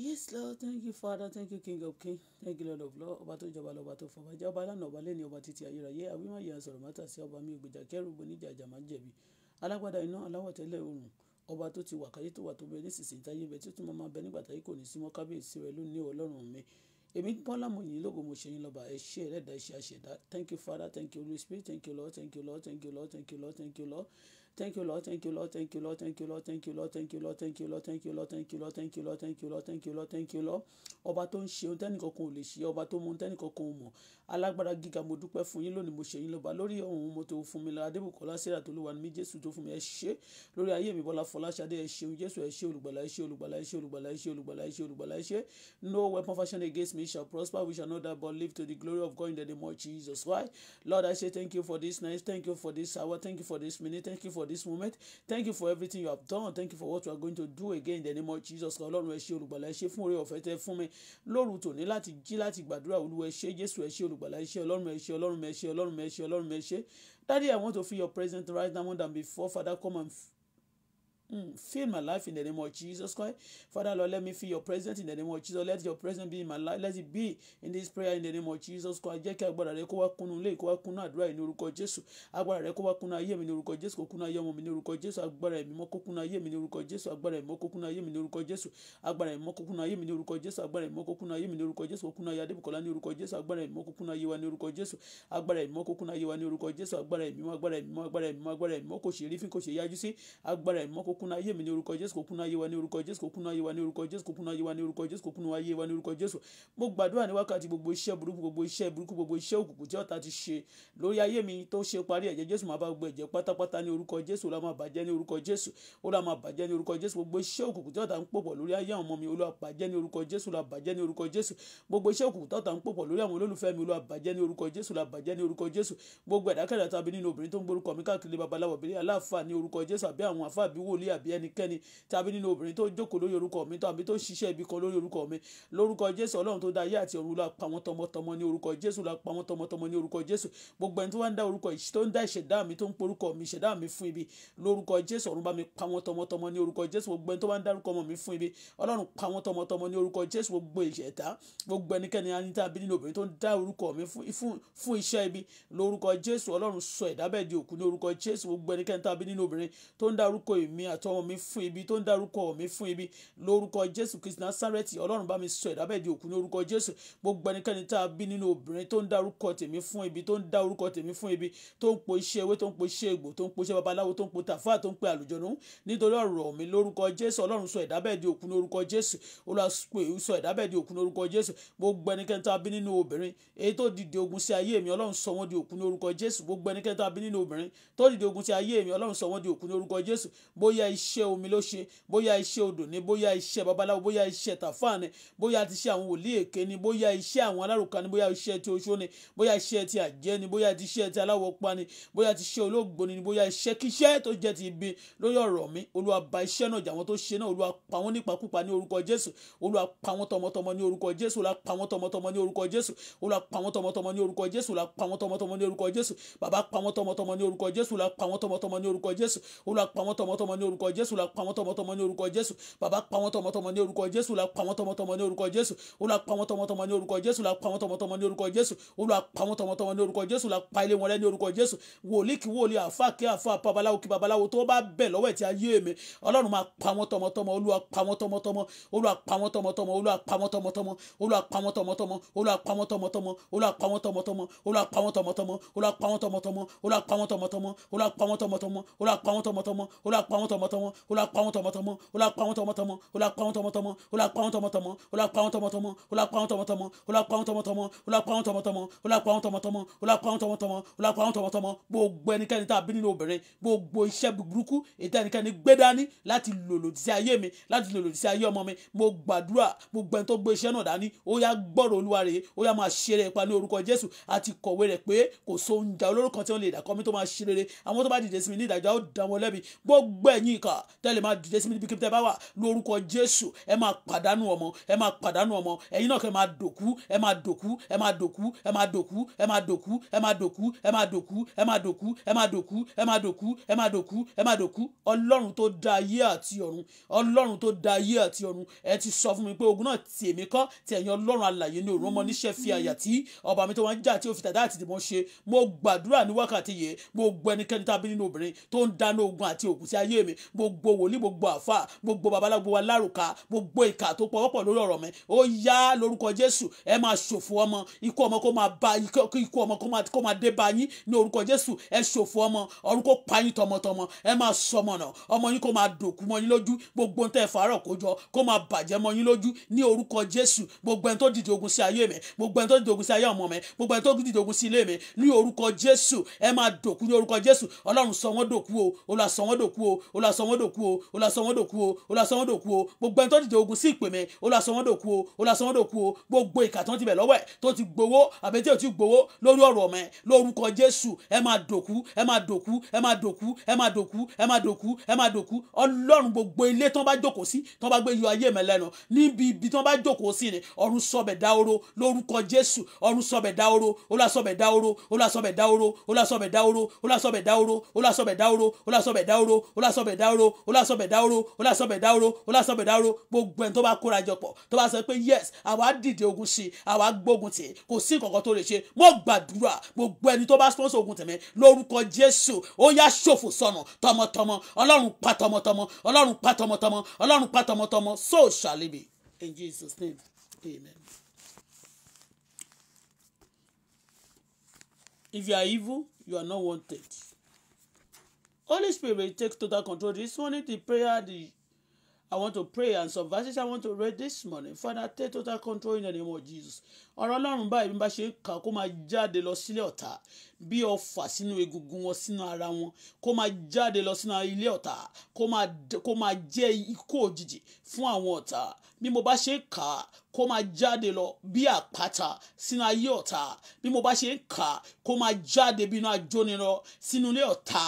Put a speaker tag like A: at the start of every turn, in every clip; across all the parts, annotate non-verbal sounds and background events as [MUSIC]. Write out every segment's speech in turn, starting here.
A: Yes, Lord, thank you, Father, thank you, King of Kings, thank you, Lord of Lords, ọba tó jọba lọ́ba tó fọba jẹ́ ọba lánàá ọba lẹ́ni ọba títí ayérayé àwímọ̀ yẹn sọ̀rọ̀ mọ́tà sí ọba mi ògbèjà kẹrùbù níjà àjàmá jẹ̀bi alágbádá iná aláwọ̀ tẹ́lẹ̀ oòrùn ọba tó ti wà káyé tó wà tó bẹ nísinsìnyí táyé bẹ tí ó tún máa máa bẹ nígbà táyé kò ní sí mọ́ kábíyèsí rẹ lónìí ọlọ́run mi èmi bọ́lá mo yìn lógo mo ṣe yín lọ́ba ẹ ṣé ẹlẹ́dàá ẹ ṣé àṣẹ̀dá thank you Father thank you Holy Spirit thank you Lord thank you Lord thank you Lord thank you Lord thank you Lord thank you Lord Thank you, Lord. Thank you, Lord. Thank you, Lord. Thank you, Lord. Thank you, Lord. Thank you, Lord. Thank you, Lord. Thank you, Lord. Thank you, Lord. Thank you, Lord. Thank you, Lord. Thank you, Lord. Thank you, Lord. Ọba tó ń ṣe ohun tẹ́nìkankan ò lè ṣe, ọba tó mọ ohun tẹ́nìkankan ò mọ̀, alágbára gíga mo dúpẹ́ fún yín lónìí mo ṣe yín lọ́ba lórí ohun mo tó fún mi adébùkọ́lá síra tó lówà mí jésù tó fún mi ẹ ṣé lórí ayé mi bọ́lá fọláṣadé ẹ ṣeun jésù ẹ ṣé olùgbàlà ẹ ṣé olùgbàlà ẹ ṣé olùgbàlà ẹ ṣé olùgbàlà ẹ ṣé olùgbàlà ẹ ṣé no weapon fashioned against me shall prosper we shall not die but live to the glory of God in the name of Jesus why Lord I say thank you for this night thank you for this hour thank you for this minute thank you for this moment thank you for everything you have done thank you for what you are going to do again in the name of Jesus ọlọ́run ẹ ṣé olùgbàlà ẹ ṣé fún oore ọ̀fẹ́ tẹ fún mi lóru tòní láti jí láti gbàdúrà olúwa ẹ ṣé jésù ẹ ṣé olùgbàlà olùgbàlà ẹ ṣé ọlọ́run ẹ ṣé ọlọ́run ẹ ṣé ọlọ́run ẹ ṣé ọlọ́run ẹ ṣé daddy i want to feel your presence right now more than before father come and Mm. Fill my life in the name of Jesus Christ. Father, Lord, let me feel your presence in the name of Jesus. Let your presence be in my life. Let it be in this prayer in the name of Jesus Christ. Jẹ́ kí agbára rẹ kó wá kúnnú ilé kó wá kúnnú àdúrà yìí ní orúkọ Jésù. Agbára rẹ kó wá kúnnú ayé mi ní orúkọ Jésù. Kó kúnnú ayé ọmọ mi ní orúkọ Jésù. Agbára ẹ̀mí mọ́ kó kúnnú ayé mi ní orúkọ Jésù. Agbára ẹ̀mí mọ́ kó kúnnú ayé mi ní orúkọ Jésù. Agbára ẹ̀mí mọ́ kó kúnnú ayé mi ní orúkọ Jésù. Agbára ẹ̀mí mọ́ kó kúnnú ayé mi ní orúkọ Jésù. Kó kúnnú ayé Adébùkọ́lá ní orúkọ Jésù. Agbára ẹ̀mí mọ́ kó kúnnú ayé wa ní orúkọ Jésù. Agbára ẹ̀mí mọ́ kó kúnnú ayé wa ní orúkọ Jésù. Agbára ẹ̀mí mọ́ agbára ẹ̀mí mọ́ agbára ẹ̀mí mọ́ agbára ẹ̀mí mọ́ kò ṣe rí kò ṣe yájú sí. Agbára ẹ̀mí mọ́ kó kúnú ayé mi ní orúkọ jésù kó kúnú ayé wa ní orúkọ jésù kó kúnú ayé wa ní orúkọ jésù kó kúnú ayé wa ní orúkọ jésù kó kúnú ayé wa ní orúkọ jésù mo gbàdúrà ní wákàtí gbogbo iṣẹ́ burúkú gbogbo iṣẹ́ burúkú gbogbo iṣẹ́ òkùnkùn tí ọ̀tá ti ṣe lórí ayé mi tó ṣe parí ẹ̀jẹ̀ jésù máa bá gbogbo ẹ̀jẹ̀ pátápátá ní orúkọ jésù ó lá máa bàjẹ́ ní orúkọ jésù ó lá máa bàjẹ́ ní orúkọ jésù gbogbo iṣẹ́ òkùnkùn tí ọ̀tá ń pòpọ̀ lórí ayé àwọn ọmọ mi olúwa bàjẹ́ ní orúkọ jésù lá bàjẹ́ ní orúkọ jésù gbogbo iṣẹ́ òkùnkùn tí ọ̀tá ń pòpọ̀ lórí àwọn olólùfẹ́ mi olúwa bàjẹ́ ní orúkọ jésù lá bàjẹ́ ní orúkọ jésù gbogbo ẹ̀dákẹ́dà tàbí nínú obìnrin tó ń gborúkọ mi káàkiri babaláwo obìnrin aláàfáà ní orúkọ jésù àbí àwọn àfáà àbí wòlí lórí àbí ẹnikẹ́ni tàbí nínú obìnrin tó jókòó lórí orúkọ mi tàbí tó ṣiṣẹ́ ibi kan lórí orúkọ mi lórúkọ jésù ọlọ́run tó dá ayé àti ọ̀run la pa wọ́n tọmọtọmọ ní orúkọ jésù la pa wọ́n tọmọtọmọ ní orúkọ jésù gbogbo ẹni tó wá ń dá orúkọ tó ń dá ìṣẹ̀dá mi tó ń porúkọ mi ìṣẹ̀dá mi fún ibi lórúkọ jésù ọ̀run bá mi pa wọ́n tọmọtọmọ ní orúkọ jésù gbogbo ẹni tó wá ń dárúkọ ọmọ mi fún ibi ọlọ́run pa wọ́n tọmọtọmọ ní orúkọ jésù gbogbo ìṣẹ̀dá gbogbo ẹnikẹ́ni anítàbí nínú obìnrin tó ń dá orúkọ mi fún iṣẹ́ ibi lórúkọ jésù ọlọ́run sọ ẹ̀dá di òkú ní orúkọ jésù gbogbo ẹnikẹ́ni tàbí nínú obìnrin tó ń dá àtọmọ mi fún ibi tó ń dárúkọ mi fún ibi lórúkọ jésù kristi násárẹ́tì ọlọ́run bá mi sọ ẹ̀dá bẹ́ẹ̀ di òkú ní orúkọ jésù gbogbo ẹnikẹ́ni tá a bí nínú obìnrin tó ń dárúkọ tèmi fún ibi tó ń dá orúkọ tèmi fún ibi tó ń po iṣẹ́ ewé tó ń po iṣẹ́ egbò tó ń po iṣẹ́ babaláwo tó ń po tàfà tó ń pe àlùjọ̀nú nítorí ọ̀rọ̀ mi lórúkọ jésù ọlọ́run sọ ẹ̀dá bẹ́ẹ̀ di òkú ní orúkọ jésù olùwàsùpè sọ ẹ̀dá bẹ́ẹ̀ di òkú ní di òkú ní orúkọ bóyá iṣẹ́ omi ló ṣe bóyá iṣẹ́ odò ni bóyá iṣẹ́ babaláwo bóyá iṣẹ́ tàfà ni bóyá ti ṣe àwọn wòlíì èké ni bóyá iṣẹ́ àwọn alárùkà ni bóyá iṣẹ́ ti oṣó ni bóyá iṣẹ́ ti àjẹ́ ni bóyá ti iṣẹ́ ti aláwọ̀ pa ni bóyá ti iṣẹ́ olóògbò ni bóyá iṣẹ́ kíṣẹ́ tó jẹ́ ti ibi lórí ọ̀rọ̀ mi olúwa ba iṣẹ́ náà jà wọ́n tó ṣe náà olúwa pa wọ́n nípakúpa ní orúkọ jésù olúwa pa wọ́n tọmọtọmọ ní orúkọ jésù olúwa pa orúkọ jésù la pa wọ́n tọmọtọmọ ní orúkọ jésù bàbá pa wọ́n tọmọtọmọ ní orúkọ jésù la pa wọ́n tọmọtọmọ ní orúkọ jésù olúwa pa wọ́n tọmọtọmọ ní orúkọ jésù la pa wọ́n tọmọtọmọ ní orúkọ jésù olúwa pa wọ́n tọmọtọmọ ní orúkọ jésù la pa ilé wọn rẹ́ ní orúkọ jésù wòlíì kí wòlíì àfa kí àfa babaláwo kí babaláwo tó bá bẹ̀ lọ́wọ́ ti ayé mi ọlọ́run máa pa wọ́n tọmọtọmọ olúwa pa wọ́n tọmọtọmọ olúwa pa wọ́n tọmọtọmọ olúwa pa wọ́n tọmọtọmọ olúwa pa wọ́n tọmọtọmọ olúwa pa wọ́n tọmọtọmọ olúwa pa wọ́n tọmọtọmọ olúwa pa wọ́n tọmọtọmọ olúwa pa wọ́n tọmọtọmọ olúwa pa wọ́n tọmọtọmọ olúwa pa wọ́n tọmọtọmọ olúwa pa wọ́n tọmọtọmọ olúwa pa wọ́n tọmọtọmọ tọmọtọmọ ó la pa wọn tọmọtọmọ ó la pa wọn tọmọtọmọ ó la pa wọn tọmọtọmọ ó la pa wọn tọmọtọmọ ó la pa wọn tọmọtọmọ ó la pa wọn tọmọtọmọ ó la pa wọn tọmọtọmọ ó la pa wọn tọmọtọmọ ó la pa wọn tọmọtọmọ ó la pa wọn tọmọtọmọ ó la pa wọn tọmọtọmọ gbogbo ẹnikẹ́ni tá a bí nínú obìnrin gbogbo iṣẹ́ burúkú ètò ẹnikẹ́ni gbé dání láti lòlòdì ayé mi láti lòlòdì ayé ọmọ mi mo gbàdúrà gbogbo ẹni tó gbé iṣẹ́ náà dání ó yá gbọ́rọ̀ olúwa rèé ó yá máa ṣe pa ní orúkọ jésù àti kọ̀wé rẹ̀ pé kò sóúnjà olórúkọ tí wọ́n lè dàkọ́ mi tó máa ṣe àwọn tó bá dìde sí mi ní ìdájọ́ á yín ìkà tẹ́lẹ̀ máa dìde sí mi níbi kíbi tẹ́ bá wà lórúkọ jésù ẹ máa pàdánù ọmọ ẹ máa pàdánù ọmọ ẹ̀yin náà kẹ́ máa dòkú ẹ máa dòkú ẹ máa dòkú ẹ máa dòkú ẹ máa dòkú ẹ máa dòkú ẹ máa dòkú ẹ máa dòkú ẹ máa dòkú ẹ máa dòkú ẹ máa dòkú ẹ máa dòkú ọlọ́run tó dá ayé àti ọ̀run ọlọ́run tó dá ayé àti ọ̀run ẹ ti sọ fún mi pé ogun náà tì èmi kọ́ ti ọlọ́run gbogbo wòlíì gbogbo àfà gbogbo babaláwo gbogbo alárùkà gbogbo ìkà tó pọwọ́pọ̀ lórí ọ̀rọ̀ mi ó yá lórúkọ jésù ẹ máa ṣòfò ọmọ ikú ọmọ kó máa bá ikú ọmọ kó máa dé bá yín ní orúkọ jésù ẹ ṣòfò ọmọ ọ̀run kó pa yín tọmọtọmọ ẹ máa sọmọnà ọmọ yín kó máa dòkú mọ́ yín lójú gbogbo ń tẹ́ fàárọ̀ kó jọ kó máa bàjẹ́ mọ́ yín lójú ní orúkọ jésù gbogbo ẹni tó dìde ogun sí ayé mi gbogbo ẹni tó la sọ wọ́n dòkú o ó la sọ wọ́n o ó la sọ wọ́n o gbogbo ẹni tó dìde ogun sí ìpè mi ó la sọ wọ́n dòkú o ó la sọ wọ́n o gbogbo ìkà tó ti bẹ̀ lọ́wọ́ ẹ̀ tó ti gbowó àbí tí ò ti gbowó lórí ọ̀rọ̀ mẹ́ lórúkọ Jésù ẹ máa dòkú ẹ máa dòkú ẹ máa dòkú ẹ máa dòkú ẹ máa dòkú ẹ máa dòkú Ọlọ́run gbogbo ilé tán bá jókòó sí tán bá gbé yọ ayé mi lẹ́nu níbi ibi tán bá jókòó sí ni ọ̀run sọbẹ̀ dáhóró lórúkọ Jésù ọ̀run sọbẹ̀ dáhóró ó la sọbẹ̀ dáhóró ó la sọbẹ̀ dáhóró ó la sọbẹ̀ dáhóró ó la sọbẹ̀ dáhóró ó la sọbẹ̀ dáhóró ó la sọbẹ̀ dáhóró ó la sọbẹ̀ dáhóró olásọ̀bẹ̀ dáhóró olásọ̀bẹ̀ dáhóró olásọ̀bẹ̀ dáhóró gbogbo ẹni tó bá kóra jọpọ̀ tó bá sọ pé yes àwa dìde ogun sí i àwa gbógun tì í kò sí nǹkan kan tó lè ṣe mo gbàdúrà gbogbo ẹni tó bá sponsor ogun tèmi lórúkọ jésù ó yá ṣòfò sọnù tọmọtọmọ ọlọ́run pa tọmọtọmọ ọlọ́run pa tọmọtọmọ ọlọ́run pa tọmọtọmọ so shall it be in Jesus name amen. If you are evil, you are not wanted. Holy Spirit, take total control this morning. The prayer the I want to pray and some verses I want to read this morning. Father, take total control in the name of Jesus ọ̀rọ̀ ọlọ́run báyìí bí n bá ṣe ń kà kó máa jáde lọ sílé ọ̀tá bí ọfà sínú egungun wọn sínú ara wọn kó máa jáde lọ sínú ilé ọ̀tá kó máa jẹ́ ikú òjijì fún àwọn ọ̀tá bí mo bá ṣe ń kà kó máa jáde lọ bí àpáta sínú ayé ọ̀tá bí mo bá ṣe ń kà kó máa jáde bí iná ajónirọ sínú ilé ọ̀tá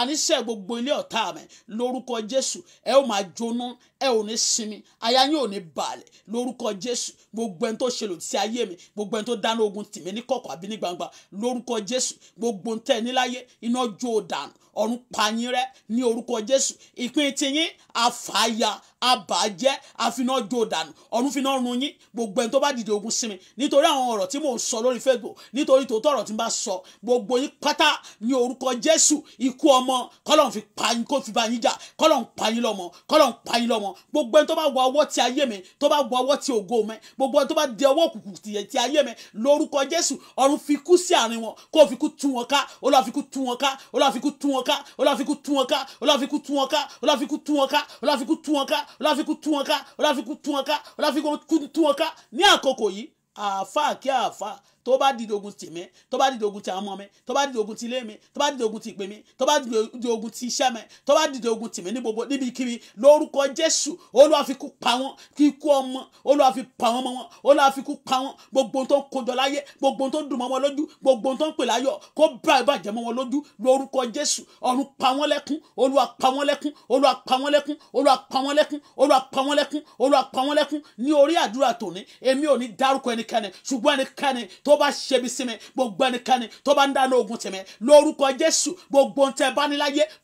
A: àníṣe gbogbo ilé ọ̀tá mi lórúkọ Jésù ẹ ó máa jóná ẹ ò ní sinmi aya yín ní balẹ̀ lórúkọ Jésù gbogbo ẹni tó ṣe lòdì sí ayé mi mi gbogbo ẹni tó dáná ogun tì mí ní kọ̀kọ̀ àbí ní gbangba lórúkọ Jésù gbogbo ń ẹ níláyé iná jó dànù ọ̀run pa yín rẹ́ ní orúkọ jésù ìpín tiyín àfàyà àbàjẹ́ àfinàjò dànù ọ̀run fi náà run yín gbogbo ẹni tó bá dìde ogun sí mi nítorí àwọn ọ̀rọ̀ tí mò ń sọ lórí fẹ́gbò nítorí tòótọ́ ọ̀rọ̀ tí n bá sọ gbogbo yín pátá ní orúkọ jésù ikú ọmọ kọ́lọ̀ fi pa yín kó fi bá yín jà kọ́lọ̀ ń pa yín lọ́mọ kọ́lọ̀ ń pa yín lọ́mọ gbogbo ẹni tó bá wọ ọwọ́ ti ayé mi tó bá wọ ọwọ́ ti ògo mi gbogbo ẹni tó bá di ọwọ́ òkùnkùn ti ayé mi lórúkọ jésù ọ̀run fi sí àárín wọn kó fi kú wọn ká ó lọ́ fi wọn ká ó lọ́ fi wọn l'a l'a l'a wọn ká ọlọ́àfikún tú wọn ká ọlọ́àfikún tú wọn ká ọlọ́àfikún tú wọn ká ọlọ́àfikún tú wọn ká ọlọ́àfikún tú l'a ká ọlọ́àfikún tú wọn ká ọlọ́àfikún tú wọn ká ní àkókò yìí àáfàá kí àáfàá tó bá dìde ogun tì mí tó bá dìde ogun ti àwọn ọmọ mi tó bá dìde ogun ti ilé mi tó bá dìde ogun ti ìpè mi tó bá dìde ogun ti iṣẹ́ mi tó bá dìde ogun tì mí ní gbogbo níbikíbi lórúkọ jésù olúwa fi kú pa wọ́n kí ikú ọmọ olúwa fi pa wọ́n mọ́ wọn olúwa fi kú pa wọ́n gbogbo tó ń kojọ láyé gbogbo tó ń dùn mọ́ wọn lójú gbogbo tó ń pè láyọ̀ kó bá ìbàjẹ́ mọ́ wọn lójú lórúkọ jésù ọ̀run pa wọ́n lẹ́kún olúwa pa lẹ́kún olúwa pa lẹ́kún olúwa pa lẹ́kún olúwa pa lẹ́kún ní orí àdúrà tòní èmi ò ní dárúkọ ẹnikẹ́ni ṣùgbọ́n ẹnikẹ́ni tó tó bá ṣe mi sí gbogbo ẹnikẹ́ni tó bá ń dáná ogun tì lórúkọ jésù gbogbo ohun tẹ́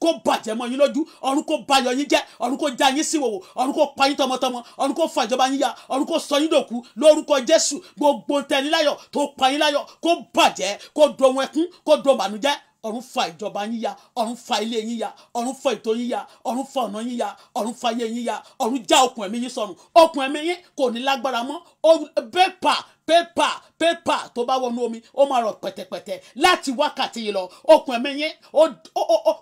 A: kó bàjẹ́ mọ́ yín lójú ọ̀run kó bayọ̀ yín jẹ́ ọ̀run kó já yín síwòwò ọ̀run kó pa yín tọmọtọmọ ọ̀run kó fàjọba yín ya ọ̀run kó sọ yín dòkú lórúkọ jésù gbogbo ohun tẹ́ tó pa yín láyọ̀ kó bàjẹ́ kó dohun ẹkún kó dohun bànújẹ́ ọ̀run fa ìjọba yín ya ọ̀run fa ilé yín ya ọ̀run fa ètò yín ya ọ̀run fa ọ̀nà yín ya ọ̀run fa ayé yín ya ọ̀run já okùn ẹ̀mí yín sọnù okùn ẹ̀mí yín kò ní lágbára mọ́ bẹ́ẹ̀ pa pépà pépà tó bá wọnú omi ó máa rọ̀ pẹ̀tẹ̀pẹ̀tẹ̀ láti wákàtí yìí lọ okùn ẹ̀mí yín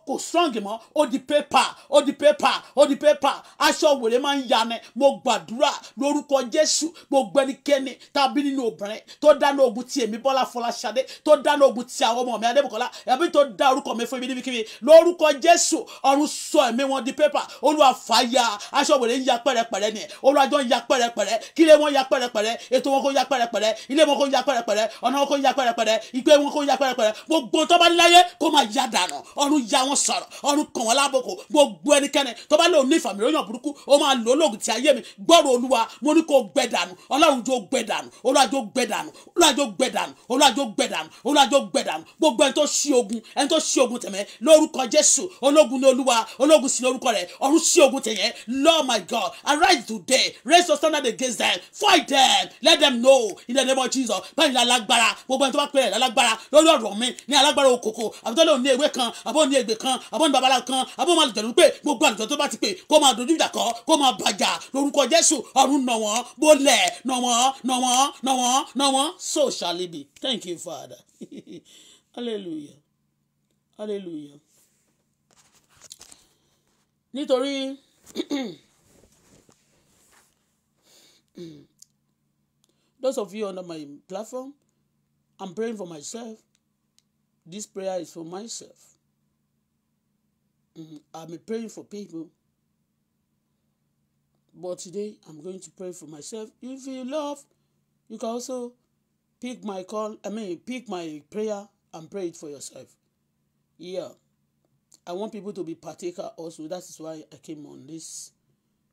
A: kò strong mọ́ ó di pépà ó di pépà ó di pépà aṣọ wèrè máa ń yanẹ mo gbàdúrà lórúkọ Jésù gbogbo ẹnikẹ́ni tàbí nínú obìnrin tó dáná ogun ti èmi Bọ́lá Fọláṣadé tó dáná ogun ti àwọn ọmọ mi Adébùkọ́lá ẹ̀mí tó dá orúkọ mi fún ibi níbikíbi lórúkọ Jésù ọ̀run sọ ẹ̀mí wọn di pépà Olúwa fàáyà aṣọ wèrè ń ya pẹ̀rẹ̀pẹ̀rẹ̀ ni Olúwa jọ ń ya pẹ̀rẹ̀pẹ̀rẹ̀ kílé wọn ya pẹ̀rẹ̀pẹ̀rẹ̀ ya pẹ̀rẹ̀pẹ̀rẹ̀ pẹ̀rẹ̀pẹ̀rẹ̀ ilé wọn kò ya pẹ̀rẹ̀pẹ̀rẹ̀ ọ̀nà wọn kò ya pẹ̀rẹ̀pẹ̀rẹ̀ ìgbé wọn kò ya pẹ̀rẹ̀pẹ̀rẹ̀ gbogbo tó bá láyé kó máa ya dànù ọ̀run ya wọn sọ̀rọ̀ ọ̀run kàn wọ́n lábòkò gbogbo ẹnikẹ́ni tó bá lò ní ìfàmì lóyún burúkú ó máa lò lóògùn ti ayé mi gbọ́rọ̀ olúwa mo ní kó gbẹ dànù ọlọ́run jó gbẹ dànù olùwàjò gbẹ dànù olùwàjò gbẹ dànù olùwàjò gbẹ dànù olùwàjò gbẹ dànù gbogbo ẹni tó ṣí ogun ẹni tó ṣí ogun tẹ̀mẹ́ lórúkọ jésù ológun ní olúwa ológun sí lórúkọ rẹ̀ ọ̀run ṣí ogun tẹ̀yẹ lord my god arise today raise your standard against them fight them let them know ilé ẹ̀dẹ́mọ̀ jesus báyìí lálágbára gbogbo ẹni tó bá pè é lálágbára lórí ọ̀rọ̀ mi ní alágbára òkòkò àbútọ́lẹ̀ òní ewé kan àbọ̀ òní ègbè kan àbọ̀ òní babalá kan àbọ̀ máa lùtẹ̀lú pé gbogbo àlùjọ tó bá ti pè kó máa dojú ìjà kọ kó máa bàjà lórúkọ jésù ọ̀run nà wọ́n bólẹ̀ nà wọ́n nà wọ́n nà wọ́n nà wọ́n so shall it be thank you father [LAUGHS] hallelujah hallelujah nítorí. [CLEARS THROAT] Hmm. Those of you under my platform, I'm praying for myself. This prayer is for myself. Mm-hmm. I'm praying for people. But today, I'm going to pray for myself. If you love, you can also pick my call, I mean, pick my prayer and pray it for yourself. Yeah. I want people to be partaker also. That is why I came on this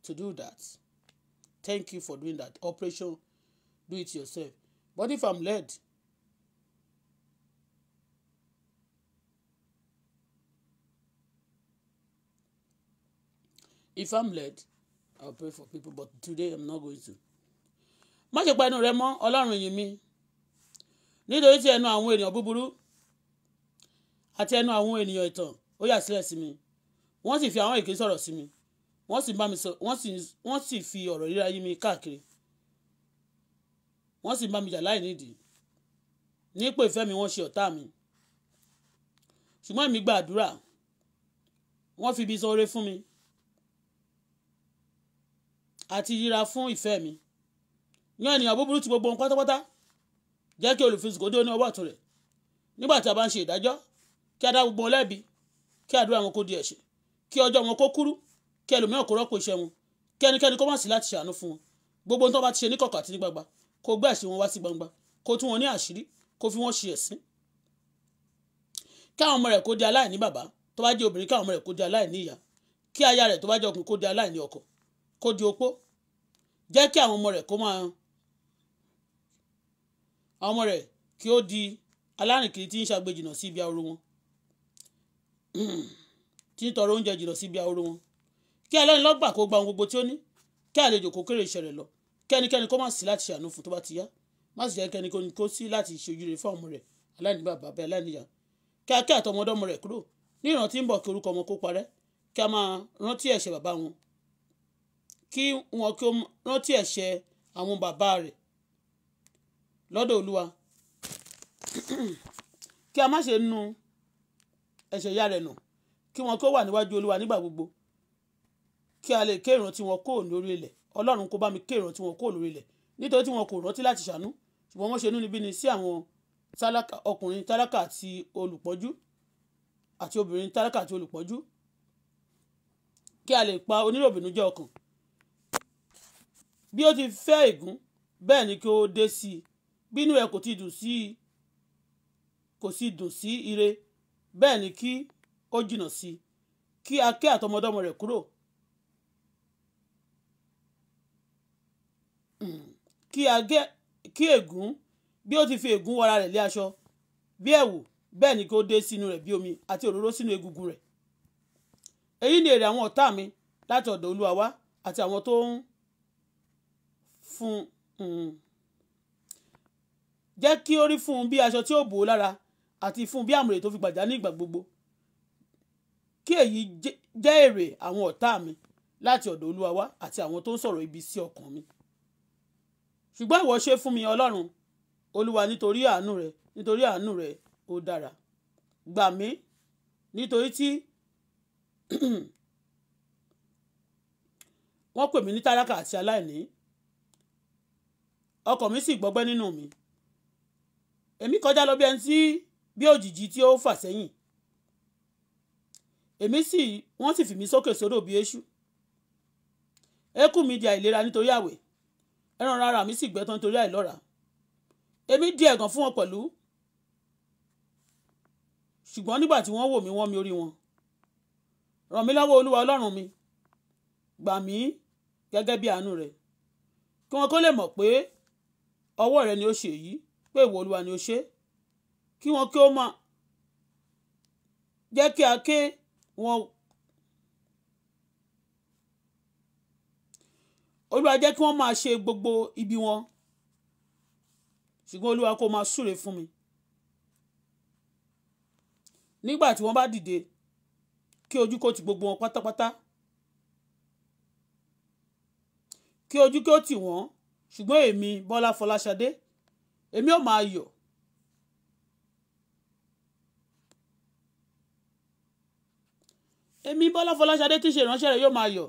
A: to do that. Thank you for doing that. Operation do it yourself but if i'm led if i'm led i'll pray for people but today i'm not going to. má ṣe pa ẹnu rẹ mọ́ ọlọ́run yìí mi nítorí tí ẹnu àwọn ènìyàn búburú àti ẹnu àwọn ènìyàn ìtàn ó yà sílẹ̀ sí mi wọ́n sì fi àwọn èké sọ̀rọ̀ sí mi wọ́n sì fi ọ̀rọ̀ ríra yí mi káàkiri wọ́n sì bá mi jà láì nídìí nípò ìfẹ́ mi wọ́n ṣe ọ̀tá mi ṣùgbọ́n mi gba àdúrà wọ́n fi ibi sọre fún mi àti yíra fún ìfẹ́ mi yan ènìyàn búburú ti gbogbo ohun pátápátá jẹ́ kí olùfisùn kò dé ní ọwọ́ ọ̀tún rẹ̀ nígbà tí a bá ń ṣe ìdájọ́ kí a dá gbogbo wọn lẹ́bi kí àdúrà wọn kó di ẹ̀ṣẹ̀ kí ọjọ́ wọn kó kúrú kí ẹlòmíràn kó rọ́pò iṣẹ́ wọn kí ẹnikẹ́ni kó má sí láti ṣàánú fún wọn gbogbo ohun tó bá ti ṣe ní kọ̀kọ̀ àti ní gbangba kó gbé àṣírí wọn wá sí gbangba kó tú wọn ní àṣírí kó fi wọn ṣe ẹ̀sín káwọn ọmọ rẹ̀ kó di aláìní bàbá tó bá jẹ́ obìnrin káwọn ọmọ rẹ̀ kó di aláìní ìyá kí aya rẹ̀ tó bá jẹ́ ọkùnrin kó di aláìní ọkọ kó di opó jẹ́ kí àwọn ọmọ rẹ̀ kó máa àwọn ọmọ rẹ̀ kí ó di alárìnkiri tí ń ṣàgbé jìnnà sí ibi ahoro wọn [CLEARS THROAT] tí ń tọrọ oúnjẹ jìnnà sí ibi ahoro wọn kí ẹlẹ́ni lọ́gbà kó gba ohun gbogbo tí ó ní kí àlejò kó kéré ìṣẹ̀rẹ̀ lọ kẹ́nikẹ́ni kó má sí láti ṣàánú fún tó bá ti yá má sì jẹ́ kẹ́ni kó sí láti ṣojú rẹ̀ fún ọmọ rẹ̀ aláìní bàbá bẹ́ẹ̀ aláìníyà kíákíá àtọmọdọ́mọ rẹ̀ kúrò ní ìrántí ń bọ̀ kí orúkọ ọmọ kó parẹ́ kí a máa rántí ẹ̀ṣẹ̀ bàbá wọn kí wọn kí ó rántí ẹ̀ṣẹ̀ àwọn bàbá rẹ̀ lọ́dọ̀ olúwa [CLEARS THROAT] kí a má ṣe nu ẹ̀ṣẹ̀ ìyá rẹ̀ nù kí wọn kó wà níwájú olúwa nígbà gbogbo kí a lè ké ìrántí wọn kó lórí ilẹ̀ ọlọ́run kó bá mi kéèrò tí wọn kó lórí ilẹ̀ nítorí tí wọn kò rántí láti ṣàánú ṣùgbọ́n wọ́n ṣe inúnibíni sí àwọn tálákà ọkùnrin tálákà àti olùpọ́jú àti obìnrin tálákà àti olùpọ́jú kí a lè pa oníròbìnújẹ́ ọkàn bí ó ti fẹ́ ègún bẹ́ẹ̀ ni kí ó dé sí i bínú ẹ kò ti dùn sí i kò sì dùn sí ire bẹ́ẹ̀ ni kí ó jìnnà sí i kí a ké àtọmọdọ́mọ rẹ̀ kúrò kí ègún bí ó ti fi ègún wara rẹ̀ lé aṣọ bí ẹ̀wù bẹ́ẹ̀ ni kí ó dé sínú rẹ̀ bí omi àti òróró sínú egungun rẹ̀ èyí ni èrè àwọn ọ̀tá mi láti ọ̀dọ̀ olúwa wá àti àwọn tó ń fún un um, jẹ́ kí ó rí fún un bí aṣọ tí ó bò ó lára àti fún un bí àmùrè tó fi gbàjà ní ìgbà gbogbo kí èyí jẹ́ èrè àwọn ọ̀tá mi láti ọ̀dọ̀ olúwa àti àwọn tó ń sọ̀rọ̀ ibi sí ọkàn mi ṣùgbọ́n ìwọ ṣe fún mi ọlọ́run olúwa nítorí àánú rẹ nítorí àánú rẹ ó dára gbà mí nítorí tí [CLEARS THROAT] wọ́n pè mí ní tálákà àti aláìní ọkàn mi sì gbọgbẹ́ nínú mi èmi kọjá lọ bí ẹni tí bí òjìji tí ó fà sẹ́yìn èmi sì wọ́n sì fi mí sókè sódò bí eṣú eékún mi di àìlera nítorí àwẹ̀ ẹran ara mi sì gbẹ tán torí àìlọ́ra èmi di ẹ̀gàn fún wọn pẹ̀lú ṣùgbọ́n nígbà tí wọ́n wò mí wọ́n mi orí wọn ràn mí lọ́wọ́ olúwa ọlọ́run mi gbà mí gẹ́gẹ́ bí àánú rẹ kí wọn kó lè mọ̀ pé ọwọ́ rẹ ni ó ṣe èyí pé ìwọ olúwa ni ó ṣe kí wọn kí ó máa jẹ́ kí a ké wọn olúwa jẹ́ kí wọ́n máa ṣe gbogbo ibi wọn ṣùgbọ́n olúwa kó máa súre fún mi nígbà tí wọ́n bá dìde kí ojú kó ti gbogbo wọn pátápátá kí ojú kí ó tì wọ́n ṣùgbọ́n èmi Bọ́lá Fọláṣadé èmi ò máa yọ̀ èmi Bọ́lá Fọláṣadé tí ń ṣe ìránṣẹ́ rẹ̀ yóò máa yọ̀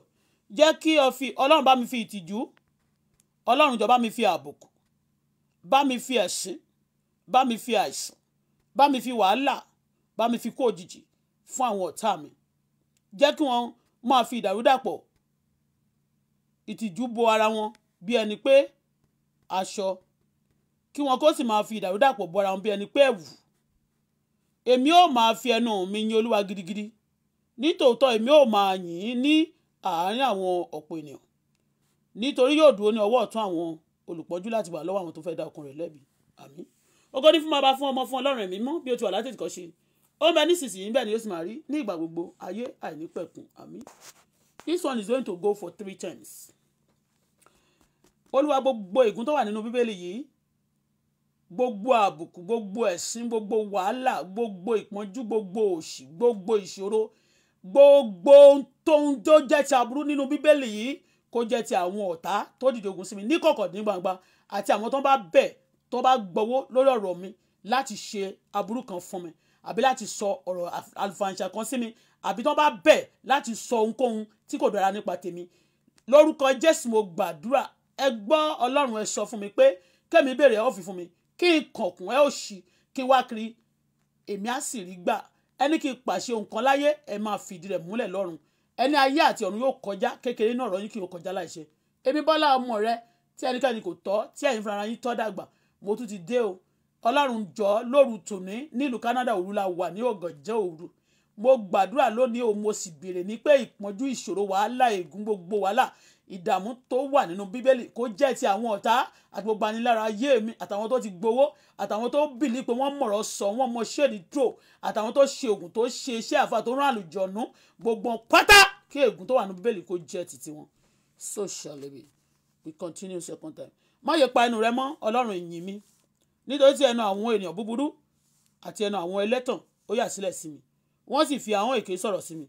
A: jẹ́ kí ọ fi ọlọ́run bá mi fi ìtìjú ọlọ́run jọ bá mi fi àbùkù bá mi fi ẹ̀sín bá mi fi àìsàn bá mi fi wàhálà bá mi fi kó òjijì fún àwọn ọ̀tá mi jẹ́ kí wọ́n máa fi ìdàrúdàpọ̀ ìtìjú bo ara wọn bí ẹni pé aṣọ kí wọn kó sì máa fi ìdàrúdàpọ̀ bora wọn bí ẹni pé ẹ̀wù èmi ò máa fi ẹnu mi yìn olúwa gidigidi nítòótọ́ èmi ò máa yìn ín ní àárín àwọn ọ̀pọ̀ ènìyàn nítorí yóò dúró ní ọwọ́ ọ̀tún àwọn olùpọ́jú láti wà lọ́wọ́ àwọn tó fẹ́ dá okun rẹ̀ lẹ́bi àmín ògo ni fún bàbá fún ọmọ fún ọlọ́run ẹ̀mí mọ́ bí o ti wà látètè kọ́ ṣe ó ń nísinsìnyí bẹ́ẹ̀ ni yóò sì máa rí ní ìgbà gbogbo ayé àìnípẹ̀kun àmín this one is going to go for three times olúwa gbogbo ègún tó wà nínú bíbélì yìí gbogbo àbùkù gbogbo ẹ̀sìn gbogbo wàhálà gbogbo ìpọ́njú gbogbo òṣì gbogbo ìṣòro gbogbo tóun tó jẹ́ ti aburú nínú bíbélì yìí kó jẹ́ ti àwọn ọ̀tá tó dìde ogun sí mi ní kọ̀kọ̀ ní gbangba àti àwọn tó bá bẹ̀ tó bá gbowó lórí ọ̀rọ̀ mi láti ṣe aburú kan fún mi àbí láti sọ ọ̀rọ̀ àlùfàǹṣà kan sí mi àbí tó bá bẹ̀ láti sọ ohunkóhun tí kò dára nípa tèmi lórúkọ jésù mo gbàdúrà ẹ gbọ́ ọlọ́run ẹ sọ fún mi pé kẹ́mi béèrè ọ́fì fún mi kí n kànkùn ẹ ò ṣì kí n wá kiri èmi á sì rí gbà ẹni kì í pàṣẹ ohun kan láyé ẹ máa fìdí rẹ̀ múlẹ̀ lọ́run ẹni ayé àti ọ̀run yóò kọjá kékeré náà ọ̀rọ̀ yín kì yóò kọjá láìṣe èmi Bọ́lá ọmọ rẹ tí ẹnikẹ́ni kò tọ́ tí ẹ̀yin fúnra yín tọ́ dàgbà mo tún ti dé o Ọlọ́run jọ lóru tòní nílùú Canada òru la wà ní ọ̀gànjọ́ òru mo gbàdúrà lónìí o mo sì béèrè ní pé ìpọ́njú ìṣòro wàhálà ègún gbogbo wàhálà ìdààmú tó wà nínú bíbélì kó jẹ́ ti àwọn ọ̀tá àti gbogbo anilára ayé mi àtàwọn tó ti gbowó àtàwọn tó bìlí pé wọ́n mọ̀rọ̀ sọ wọ́n mọ ṣéèdì tó àtàwọn tó ṣe oògùn tó ṣe iṣẹ́ àfa tó rán àlùjọ̀nú gbogbo pátá kí ègún tó wà nínú bíbélì kó jẹ́ ti tiwọn. so shall it we continue second time. má yẹ pa ẹnu rẹ mọ́ ọlọ́run ìyìn mi nítorí tí ẹnu àwọn ènìyàn búburú àti ẹnu àwọn ẹlẹ́tàn ó yà sílẹ̀ sí mi wọ́n sì fi àwọn èké sọ̀rọ̀ sí mi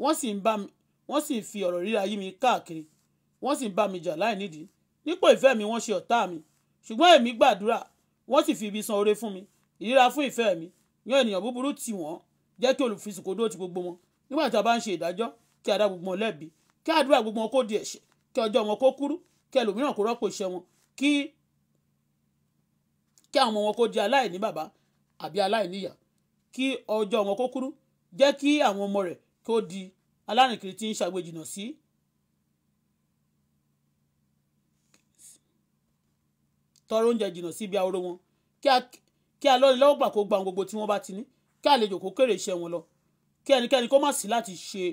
A: wọ́n sì ń bá mi wọ́n sì ń fi ọ̀rọ̀ ríra yí mi káàkiri wọ́n sì ń bá mi jà láì nídìí nípò ìfẹ́ mi wọ́n ṣe ọ̀tá mi ṣùgbọ́n èmi gbàdúrà wọ́n sì fi ibi san oore fún mi ìríra fún ìfẹ́ mi yan ènìyàn búburú tì wọ́n jẹ́ kí olùfisùn dúró ti gbogbo wọn nígbà tí a bá ń ṣe ìdájọ́ kí a dá gbogbo wọn lẹ́bi kí àdúrà gbogbo wọn kó di ẹ̀ṣẹ̀ kí ọjọ́ wọn kó kúrú kí ẹlòmíràn kó rọ́pò iṣẹ́ wọn kí kí àwọn ọmọ wọn kó di aláìní bàbá àbí aláìníyà kí ọjọ́ wọn kó kúrú jẹ́ kí àwọn ọmọ rẹ̀ kó di alárìnkiri tí ń ṣàgbéjìnà sí tọrọ oúnjẹ jìnnà sí ibi ahoro wọn kí alọ́ni lọ́wọ́ gbà kó gba ohun gbogbo tí wọ́n bá ti ní kí àlejò kó kéré iṣẹ́ wọn lọ kí ẹnikẹ́ni kó má sí láti ṣe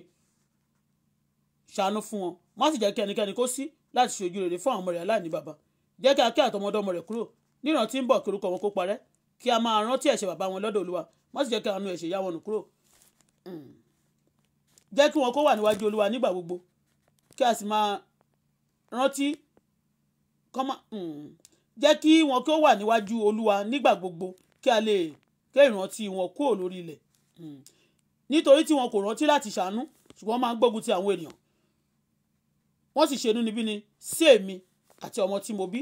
A: ṣàánú fún wọn má sì jẹ́ kí ẹnikẹ́ni kó sí láti ṣe ojú rere fún àwọn ọmọ rẹ̀ aláìní bàbá jẹ́ kí a kí àtọmọdọ́mọ rẹ̀ kúrò níran tí ń bọ̀ kí wọn kó parẹ́ kí a máa rántí ẹ̀ṣẹ̀ bàbá wọn lọ́dọ̀ olúwa má sì jẹ́ kí àánú ẹ̀ṣẹ̀ yá wọn nù kúrò hmm. jẹ́ kí wọn kó wà níwájú olúwa nígbà gbogbo kí a sì máa rántí jẹ́ kí wọn kí ó wà níwájú olúwa nígbà gbogbo kí a lè ké ìrántí wọn kúrò lórí ilẹ̀ hmm. nítorí tí wọn kò rántí láti ṣàánú ṣùgbọ́n máa ń gbógun ti àwọn ènìyàn wọ́n sì ṣe inúnibíni sí èmi àti ọmọ tí mo bí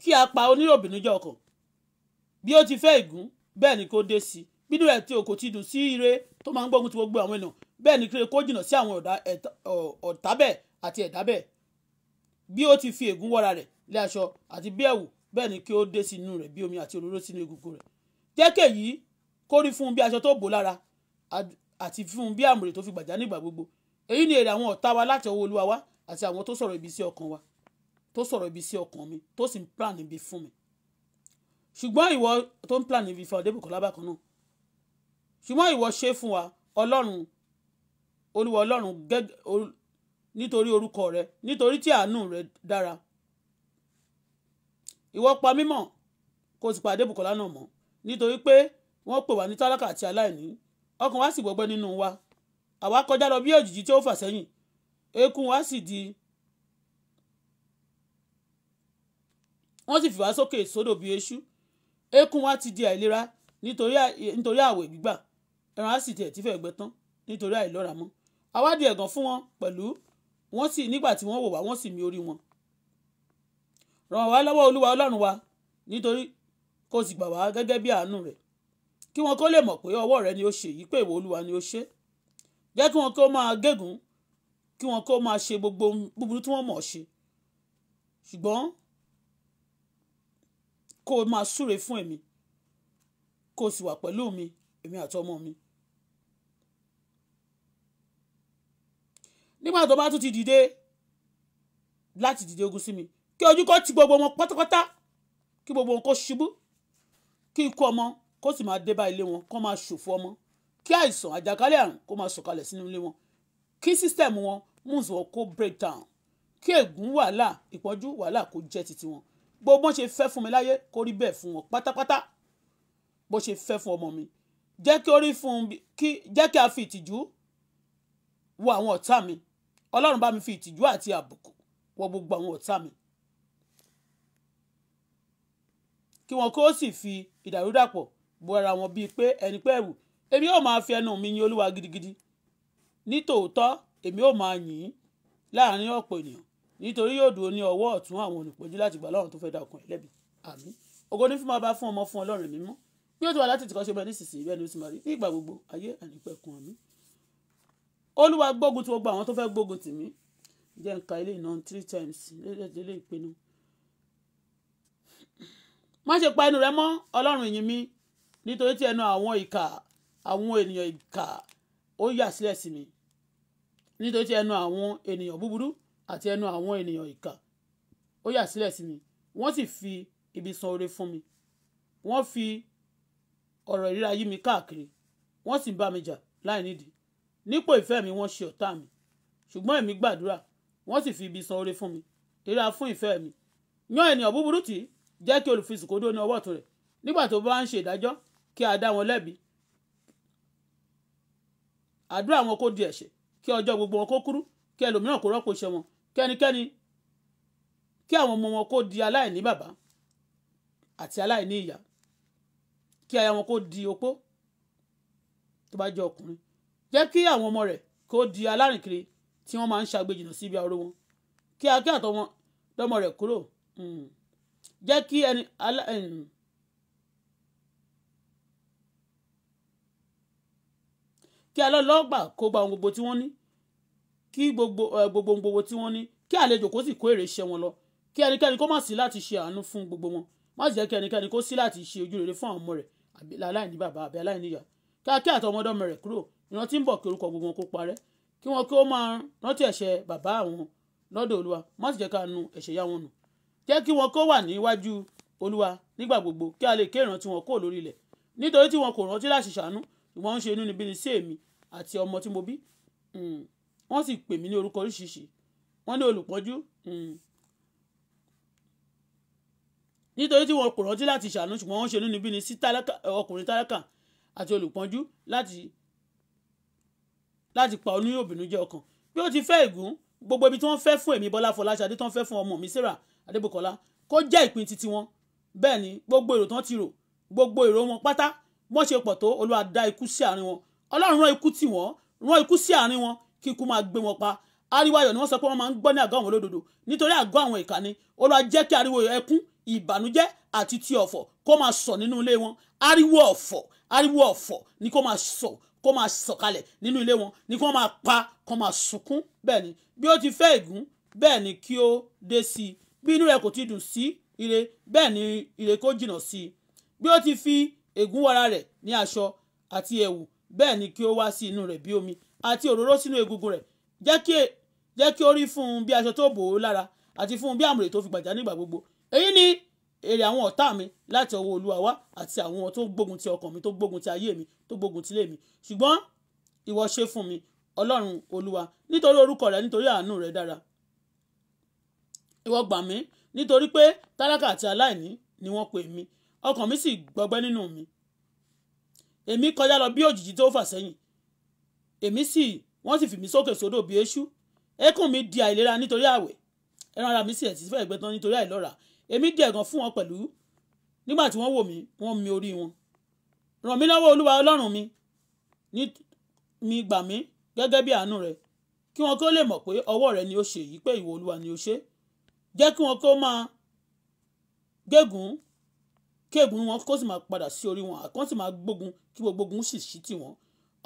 A: kí a pa oníròbìnújẹ́ ọkàn bí ó ti fẹ́ ìgún bẹ́ẹ̀ ni kó dé sí bínú ẹ̀ tí o kò ti dùn sí ire tó máa ń gbógun ti gbogbo àwọn ènìyàn bẹ́ẹ̀ ni kí o kó jìnnà sí àwọn ọ̀tá bẹ́ẹ̀ àti ẹ̀dá bẹ́ẹ̀ bí ó ti fi ègún wọ́ra rẹ̀ lé aṣọ àti bí ẹ̀wù bẹ́ẹ̀ ni kí ó dé sínú rẹ̀ bí omi àti òróró sínú egungun rẹ̀ jẹ́ kéyí kó rí fún un bí aṣọ tó bò lára àti fún bí àmùrè tó fi gbàjá nígbà gbogbo èyí ni èrè àwọn ọ̀tá wa láti ọwọ́ olúwa wa àti àwọn tó sọ̀rọ̀ ibi sí ọkàn wa tó sọ̀rọ̀ ibi sí ọkàn mi tó sì ń plan ibi fún mi ṣùgbọ́n ìwọ tó ń plan ibi fún Adébùkọ́lá bákan náà ṣùgbọ́n ìwọ ṣe fún wa ọlọ́run olúwa ọlọ́run nítorí orúkọ rẹ nítorí tí àánú rẹ dára ìwọ pa mí mọ́ kó o sì pàdé Bùkọ́lá náà mọ́ nítorí pé wọ́n pè wá ní tálákà àti aláìní ọkàn wa sì gbọgbẹ́ nínú wa àwa kọjá lọ bí òjìji tí ó fà sẹ́yìn eékún wa sì di wọ́n sì fi wá sókè sódò bí eṣú eékún wa ti di àìlera nítorí àwẹ̀ gbígbà ẹran á sì tiẹ̀ tí fẹ́ gbẹ tán nítorí àìlọ́ra mọ́ àwa di ẹ̀gàn fún wọn pẹ̀lú wọ́n sì nígbà tí wọ́n wò wá wọ́n sì mì orí wọn ràn wá lọ́wọ́ olúwa ọlọ́run wa nítorí kó sì gbà wá gẹ́gẹ́ bí àánú rẹ̀ kí wọn kó lè mọ̀ pé ọwọ́ rẹ ni ó ṣe yìí pé ìwọ olúwa ni ó ṣe jẹ́ kí wọn kó máa gégùn kí wọn kó máa ṣe gbogbo búburú tí wọ́n mọ̀ ṣe ṣùgbọ́n kó máa súre fún èmi kó sì wà pẹ̀lú mi èmi àtọmọ mi nígbà tó bá tún ti dìde láti dìde ogun sí mi kí ojú kó ti gbogbo wọn pátápátá kí gbogbo wọn kó ṣubú kí ikú ọmọ kó sì máa dé bá ilé wọn kó máa ṣòfò ọmọ kí àìsàn àjàkálẹ̀ àrùn kó máa sọ̀kalẹ̀ sínú ilé wọn kí system wọn moves wọn kó break down kí ègún wàhálà ìpọ́njú wàhálà kó jẹ́ titi wọn gbogbo bọ́n ṣe fẹ́ fún mi láyé kó rí bẹ́ẹ̀ fún wọn pátápátá bó ṣe fẹ́ fún ọmọ mi jẹ́ kí orí fún kí jẹ́ kí a fi ìtìjú wo àwọn ọ̀tá mi ọlọ́run bá mi fi ìtìjú àti àbùkù wọ gbogbo àwọn ọ̀tá mi kí wọn kó sì fi ìdàrúdàpọ̀ bo ara wọn bíi pé ẹni pé ẹ̀rù èmi yóò máa fi ẹnu mi yin olúwa gidigidi ní tòótọ́ èmi yóò máa yìn ín láàrin ọ̀pọ̀ ènìyàn nítorí yóò dúró ní ọwọ́ ọ̀tún àwọn olùpẹ̀jù láti gbà lọ́run tó fẹ́ dá ọkàn lẹ́bi àmín ògo ní fún máa bá fún ọmọ fún ọlọ́run mímọ́ bí ó ti wà láti tìkọ́ ṣe bẹ́ẹ̀ nísinsìnyí bẹ́ẹ̀ ni ó sì máa rí ní ìgbà gbogbo ayé ànípẹ̀kun àmín olúwa gbógun ti gbogbo àwọn tó fẹ́ gbógun tì mí jẹ́ nǹka ilé iná three times lẹ́lẹ́dẹ́lẹ́ ìpinnu. má ṣe pa ẹnu rẹ mọ́ ọlọ́run ìyìn mi nítorí tí ẹnu àwọn ìkà àwọn ènìyàn ìkà ó yà sílẹ̀ sí mi nítorí tí ẹnu àwọn ènìyàn búburú àti ẹnu àwọn ènìyàn ìkà ó yà sílẹ̀ sí mi wọ́n sì fi ibi san oore fún mi wọ́n fi ọ̀rọ̀ ìríra yí mi káàkiri wọ́n sì ń bá mi jà láì nídìí nípò ìfẹ́ mi wọ́n ṣe ọ̀tá mi ṣùgbọ́n èmi gbàdúrà wọ́n sì fi ibi san oore fún mi ìra fún ìfẹ́ mi yan ènìyàn búburú tì í jẹ́ kí olùfisùn kó dó ní ọwọ́ ọ̀tún rẹ̀ nígbà tó bá ń ṣe ìdájọ́ kí a dá wọn lẹ́bi àdúrà wọn kó di ẹ̀ṣẹ̀ kí ọjọ́ gbogbo wọn kó kúrú kí ẹlòmíràn kó rọ́pò iṣẹ́ wọn kí ẹnikẹ́ni kí àwọn ọmọ wọn kó di aláìní bàbá àti aláìní ìyá kí aya wọn kó di opó tó bá jẹ́ ọkùnrin jẹ́ kí àwọn ọmọ rẹ̀ kó di alárìnkiri tí wọ́n máa ń ṣàgbéjìnà síbi àrò wọn kí akẹ́ àtọmọ lọ́mọ rẹ̀ kúrò hmm. jẹ́ kí ẹni kí alọ́lọ́gbà kó gba ohun gbogbo tí wọ́n ní kí gbogbo eh, gbogbo ohun gbogbo tí wọ́n ní kí àlejò kó sì kó èrè iṣẹ́ wọn lọ kí ẹnikẹ́ni kó má sí láti ṣe àánú fún gbogbo wọn má sì jẹ́ kí ẹnikẹ́ni kó sí láti ṣe ojú rere fún àwọn ọmọ rẹ̀ aláìní bàbá àbí aláìníyà kí akẹ́ àtọmọdọ́mọ rẹ̀ kúrò ìran tí ń bọ̀ kí orúkọ gbogbo wọn kó parẹ́ kí wọn kí ó máa rántí ẹ̀ṣẹ̀ bàbá àwọn lọ́dọ̀ olúwa má sì jẹ́ ká nu ẹ̀ṣẹ̀ yá wọn nù jẹ́ kí wọn kó wà níwájú olúwa nígbà gbogbo kí a lè ké ìrántí wọn kó lórí ilẹ̀ nítorí tí wọn kò rántí láti ṣàánú ṣùgbọ́n ń ṣe inú níbi ní sí èmi àti ọmọ tí mo bí hmm, wọ́n sì pè mí ní orúkọ oríṣiríṣi wọ́n ní olùpọ́njú hmm. nítorí tí wọn kò rántí láti ṣàánú ṣùgbọ́n wọ́n ṣe inú níbi ní sí ọkùnrin tálákà àti olùpọ́njú láti láti pa ọ ní òbínújẹ́ ọkàn bí ó ti fẹ́ ègún gbogbo ibi tí wọ́n fẹ́ fún èmi Bọ́lá Fọláṣadé tí wọ́n fẹ́ fún ọmọ mi Sarah Adébùkọ́lá kó jẹ́ ìpín titi wọn bẹ́ẹ̀ ni gbogbo èrò tán ti rò gbogbo èrò wọn pátá wọ́n ṣe pọ̀ tó Olúwa dá ikú sí àárín wọn Ọlọ́run rán ikú tì wọ́n rán ikú sí àárín wọn kí ikú máa gbé wọn pa ariwo ayọ̀ ni wọ́n sọ pé wọ́n máa ń gbọ́ ní àgọ́ àwọn olódodo nítorí àgọ́ àwọn ìkà ni Olúwa jẹ́ kí ariwo ẹkún ìbànújẹ́ àti ti ọ̀fọ̀ kó máa sọ nínú ilé wọn ariwo ọ̀fọ̀ ariwo ọ̀fọ̀ ni kó máa sọ kó máa sọ̀kalẹ̀ nínú ilé wọn ni kí máa pa kó máa sunkún bẹ́ẹ̀ ni bí ó ti fẹ́ ègún bẹ́ẹ̀ ni kí ó dé sí i bí inú rẹ̀ kò ti dùn sí ire bẹ́ẹ̀ ni ire kó jìnà sí i bí ó ti fi ègún wara rẹ̀ ní aṣọ àti ẹ̀wù bẹ́ẹ̀ ni kí ó wá sí inú rẹ̀ bí omi àti òróró sínú egungun rẹ̀ jẹ́ kí e, ó rí fún un bí aṣọ tó bò ó lára àti fún un bí àmùrè tó fi gbàjà nígbà gbogbo èyí ni èrè àwọn ọ̀tá mi láti ọwọ́ olúwa wá àti àwọn tó gbógun ti ọkàn mi tó gbógun ti ayé mi tó gbógun ti ilé mi ṣùgbọ́n ìwọ ṣe fún mi ọlọ́run olúwa nítorí orúkọ rẹ nítorí àánú rẹ dára ìwọ gbà mí nítorí pé tálákà àti aláìní ni wọ́n pè mí ọkàn mi sì gbọgbẹ́ nínú mi èmi kọjá lọ bí òjìji tó fà sẹ́yìn èmi sì wọ́n sì fi mí sókè sódò bí eṣú ẹkùn mi di àìlera nítorí ààwẹ̀ ẹran ara mi sì ẹ̀ ti fẹ́ gbẹ tán nítorí àìlọ́ra èmi dẹ̀gàn fún wọn pẹ̀lú nígbà tí wọ́n wò mí wọ́n mi orí wọn ràn mí lọ́wọ́ olúwa ọlọ́run mi ní mi gbà mí gẹ́gẹ́ bí àánú rẹ kí wọn kó lè mọ̀ pé ọwọ́ rẹ ni ó ṣe èyí pé ìwọ olúwa ni ó ṣe jẹ́ kí wọn kó máa gégùn kéègùn wọn kó sì máa padà sí orí wọn àkọ́n sì máa gbógun kí gbogbo ogun sì sí tiwọn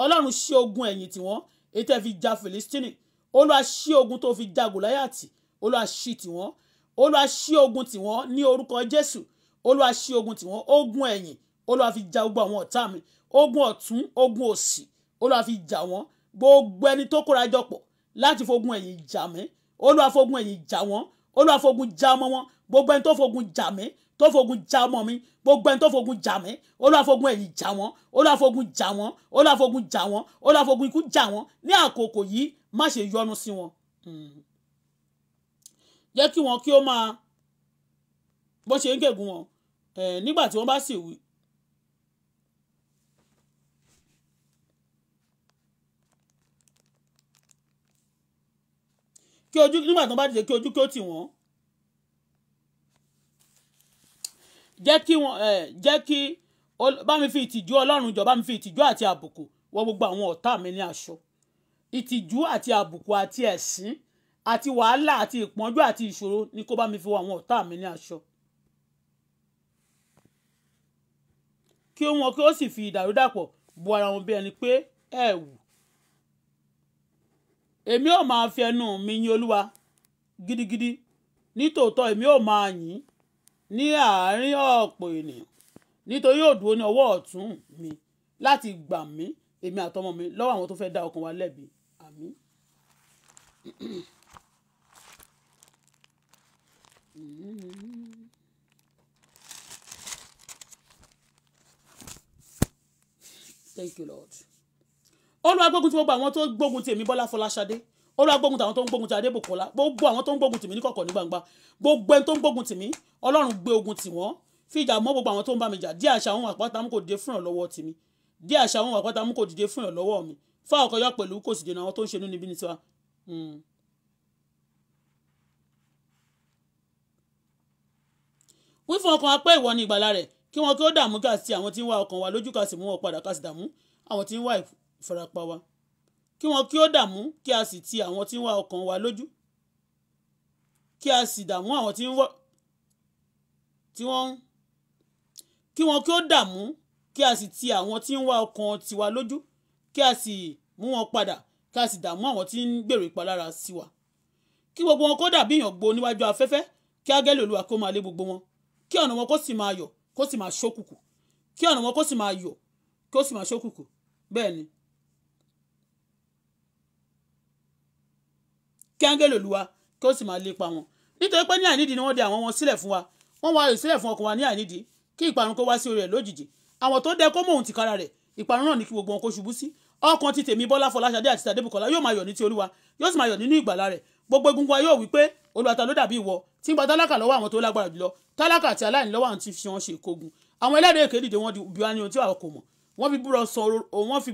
A: ọlọ́run ṣí ogun ẹ̀yìn tiwọn èyí tẹ́ fi ja Fìlístínì olúwa ṣí ogun tó fi ja Gòláyàtì olúwa ṣí tiwọn olúwa ṣí ogun tiwọn ní orúkọ jésù olúwa ṣí ogun tiwọn ogun ẹ̀yìn olúwa fi ja gbogbo àwọn ọ̀tá mi ogun ọ̀tún ogun òsì olúwa fi jà wọ́n gbogbo ẹni tó kóra jọ pọ̀ láti fogun ẹ̀yìn jà mí olúwa fogun ẹ̀yìn jà wọ́n olúwa fogun jà ọmọ wọn gbogbo ẹni tó fogun jà mí tó fogun jà ọmọ mi gbogbo ẹni tó fogun jà mí olúwa fogun ẹ̀yìn jà wọ́n olúwa fogun jà wọ́n olúwa fogun jà wọ́n olúwa fogun ikú jà wọ́n ní àkókò yìí má ṣe yọnu sí wọn. Mm jẹ́ kí wọn kí ó máa bó ṣe ń gègùn wọn nígbà tí wọ́n bá sì wí. kí ojú nígbà tí wọ́n bá dìde kí ojú kí ó tì wọ́n jẹ́ kí wọ́n jẹ́ kí bá mi fi ìtìjú ọlọ́run jọ bá mi fi ìtìjú àti àbùkù wọ gbogbo àwọn ọ̀tá mi ní aṣọ ìtìjú àti àbùkù àti ẹ̀sín àti wàhálà àti ìpọ́njú àti ìṣòro ni kó bá mi fi wọ àwọn ọ̀tá mi ní aṣọ. kí wọn kí ó sì fi ìdàrúdàpọ̀ bu ara wọn bí ẹni pé ẹ wù. èmi ò máa fi ẹnu mi yìn olúwa gidigidi nítòótọ́ èmi ò máa yìn ní àárín ọ̀pọ̀ ènìyàn nítorí yóò dúró ní ọwọ́ ọ̀tún mi láti gbà mí èmi àtọmọ mi lọ́wọ́ àwọn tó fẹ́ dá ọkàn wa lẹ́bi àmín thank you lord olúwa gbógun ti gbogbo àwọn tó gbógun ti èmi bọ́lá fọláṣadé olúwa gbógun ti àwọn tó ń gbógun ti adébòkọlá gbogbo àwọn tó ń gbógun tì mí ní kọ̀kọ̀ ní gbangba gbogbo ẹni tó ń gbógun tì mí ọlọ́run gbé ogun tì wọ́n fi ìjà mọ́ gbogbo àwọn tó ń bá mi jà díẹ̀ àṣà àwọn àpáta mú kò dìde fún ìrànlọ́wọ́ tì mí díẹ̀ àṣà àwọn àpáta mú kò dìde fún ìrànlọ́wọ́ mi fáwọn ọkọ̀ yọ pẹ̀lú kò sì dènà àwọn tó ń ṣe nínú ibi ní tiwa. Hmm. wí fún ọkàn apẹ́ ìwọ ni ìgbàlà rẹ̀ kí wọn kí ó dààmú kí a sí àwọn tí ń wá ọkàn wa lójú ká sì mú wọn padà ká sì dààmú àwọn tí ń wá ìfarapa wa kí wọn kí ó dààmú kí a sì ti àwọn tí ń wá ọkàn wa lójú kí a sì dààmú àwọn tí ń wá tí wọ́n kí wọn kí ó dààmú kí a sì ti àwọn tí ń wá ọkàn tiwa lójú kí a sì mú wọn padà kí a sì dààmú àwọn tí ń gbèrò ìpalára sí wa kí gbogbo wọn kó dàbí ìyàngbò níwájú afẹ́fẹ́ kí ágẹ́lì olúwa kó máa lé gbogbo wọn kí ọ̀nà wọn kó sì máa yọ̀ kó sì máa ṣókùkù kí ọ̀nà wọn kó sì máa yọ̀ kó sì máa ṣókùkù bẹ́ẹ̀ ni. kí áńgẹ́lì olúwa kí ó sì máa lépa wọn nítorí pé ní àìnídìí ni wọ́n de àwọn wọn sílẹ̀ fún wa wọ́n wá rè sílẹ̀ fún ọkàn wa ní àìnídìí kí ìparun kó wá sí orí rẹ̀ lójijì àwọn tó dẹ kó mọ òun tìkára rẹ̀ ìparun náà ní kí gbogbo wọn kó ṣubú sí ọkàn ti tèmi bọ́lá fọláṣadé àti tàdébùkọ́lá yóò máa yọ̀ ní ti olúwa yóò sì máa yọ̀ nínú ìgbàlà rẹ̀ gbogbo egungun wa yóò pé olùwàtà ló dàbí ìwọ tí ń gba tálákà lọ́wọ́ àwọn tó lágbára jùlọ tálákà àti aláìní lọ́wọ́ àwọn tí fi wọn ṣe ìkógun àwọn ẹlẹ́rìí èké dìde wọn bí wá ní ohun tí àwọn kò mọ̀ wọ́n fi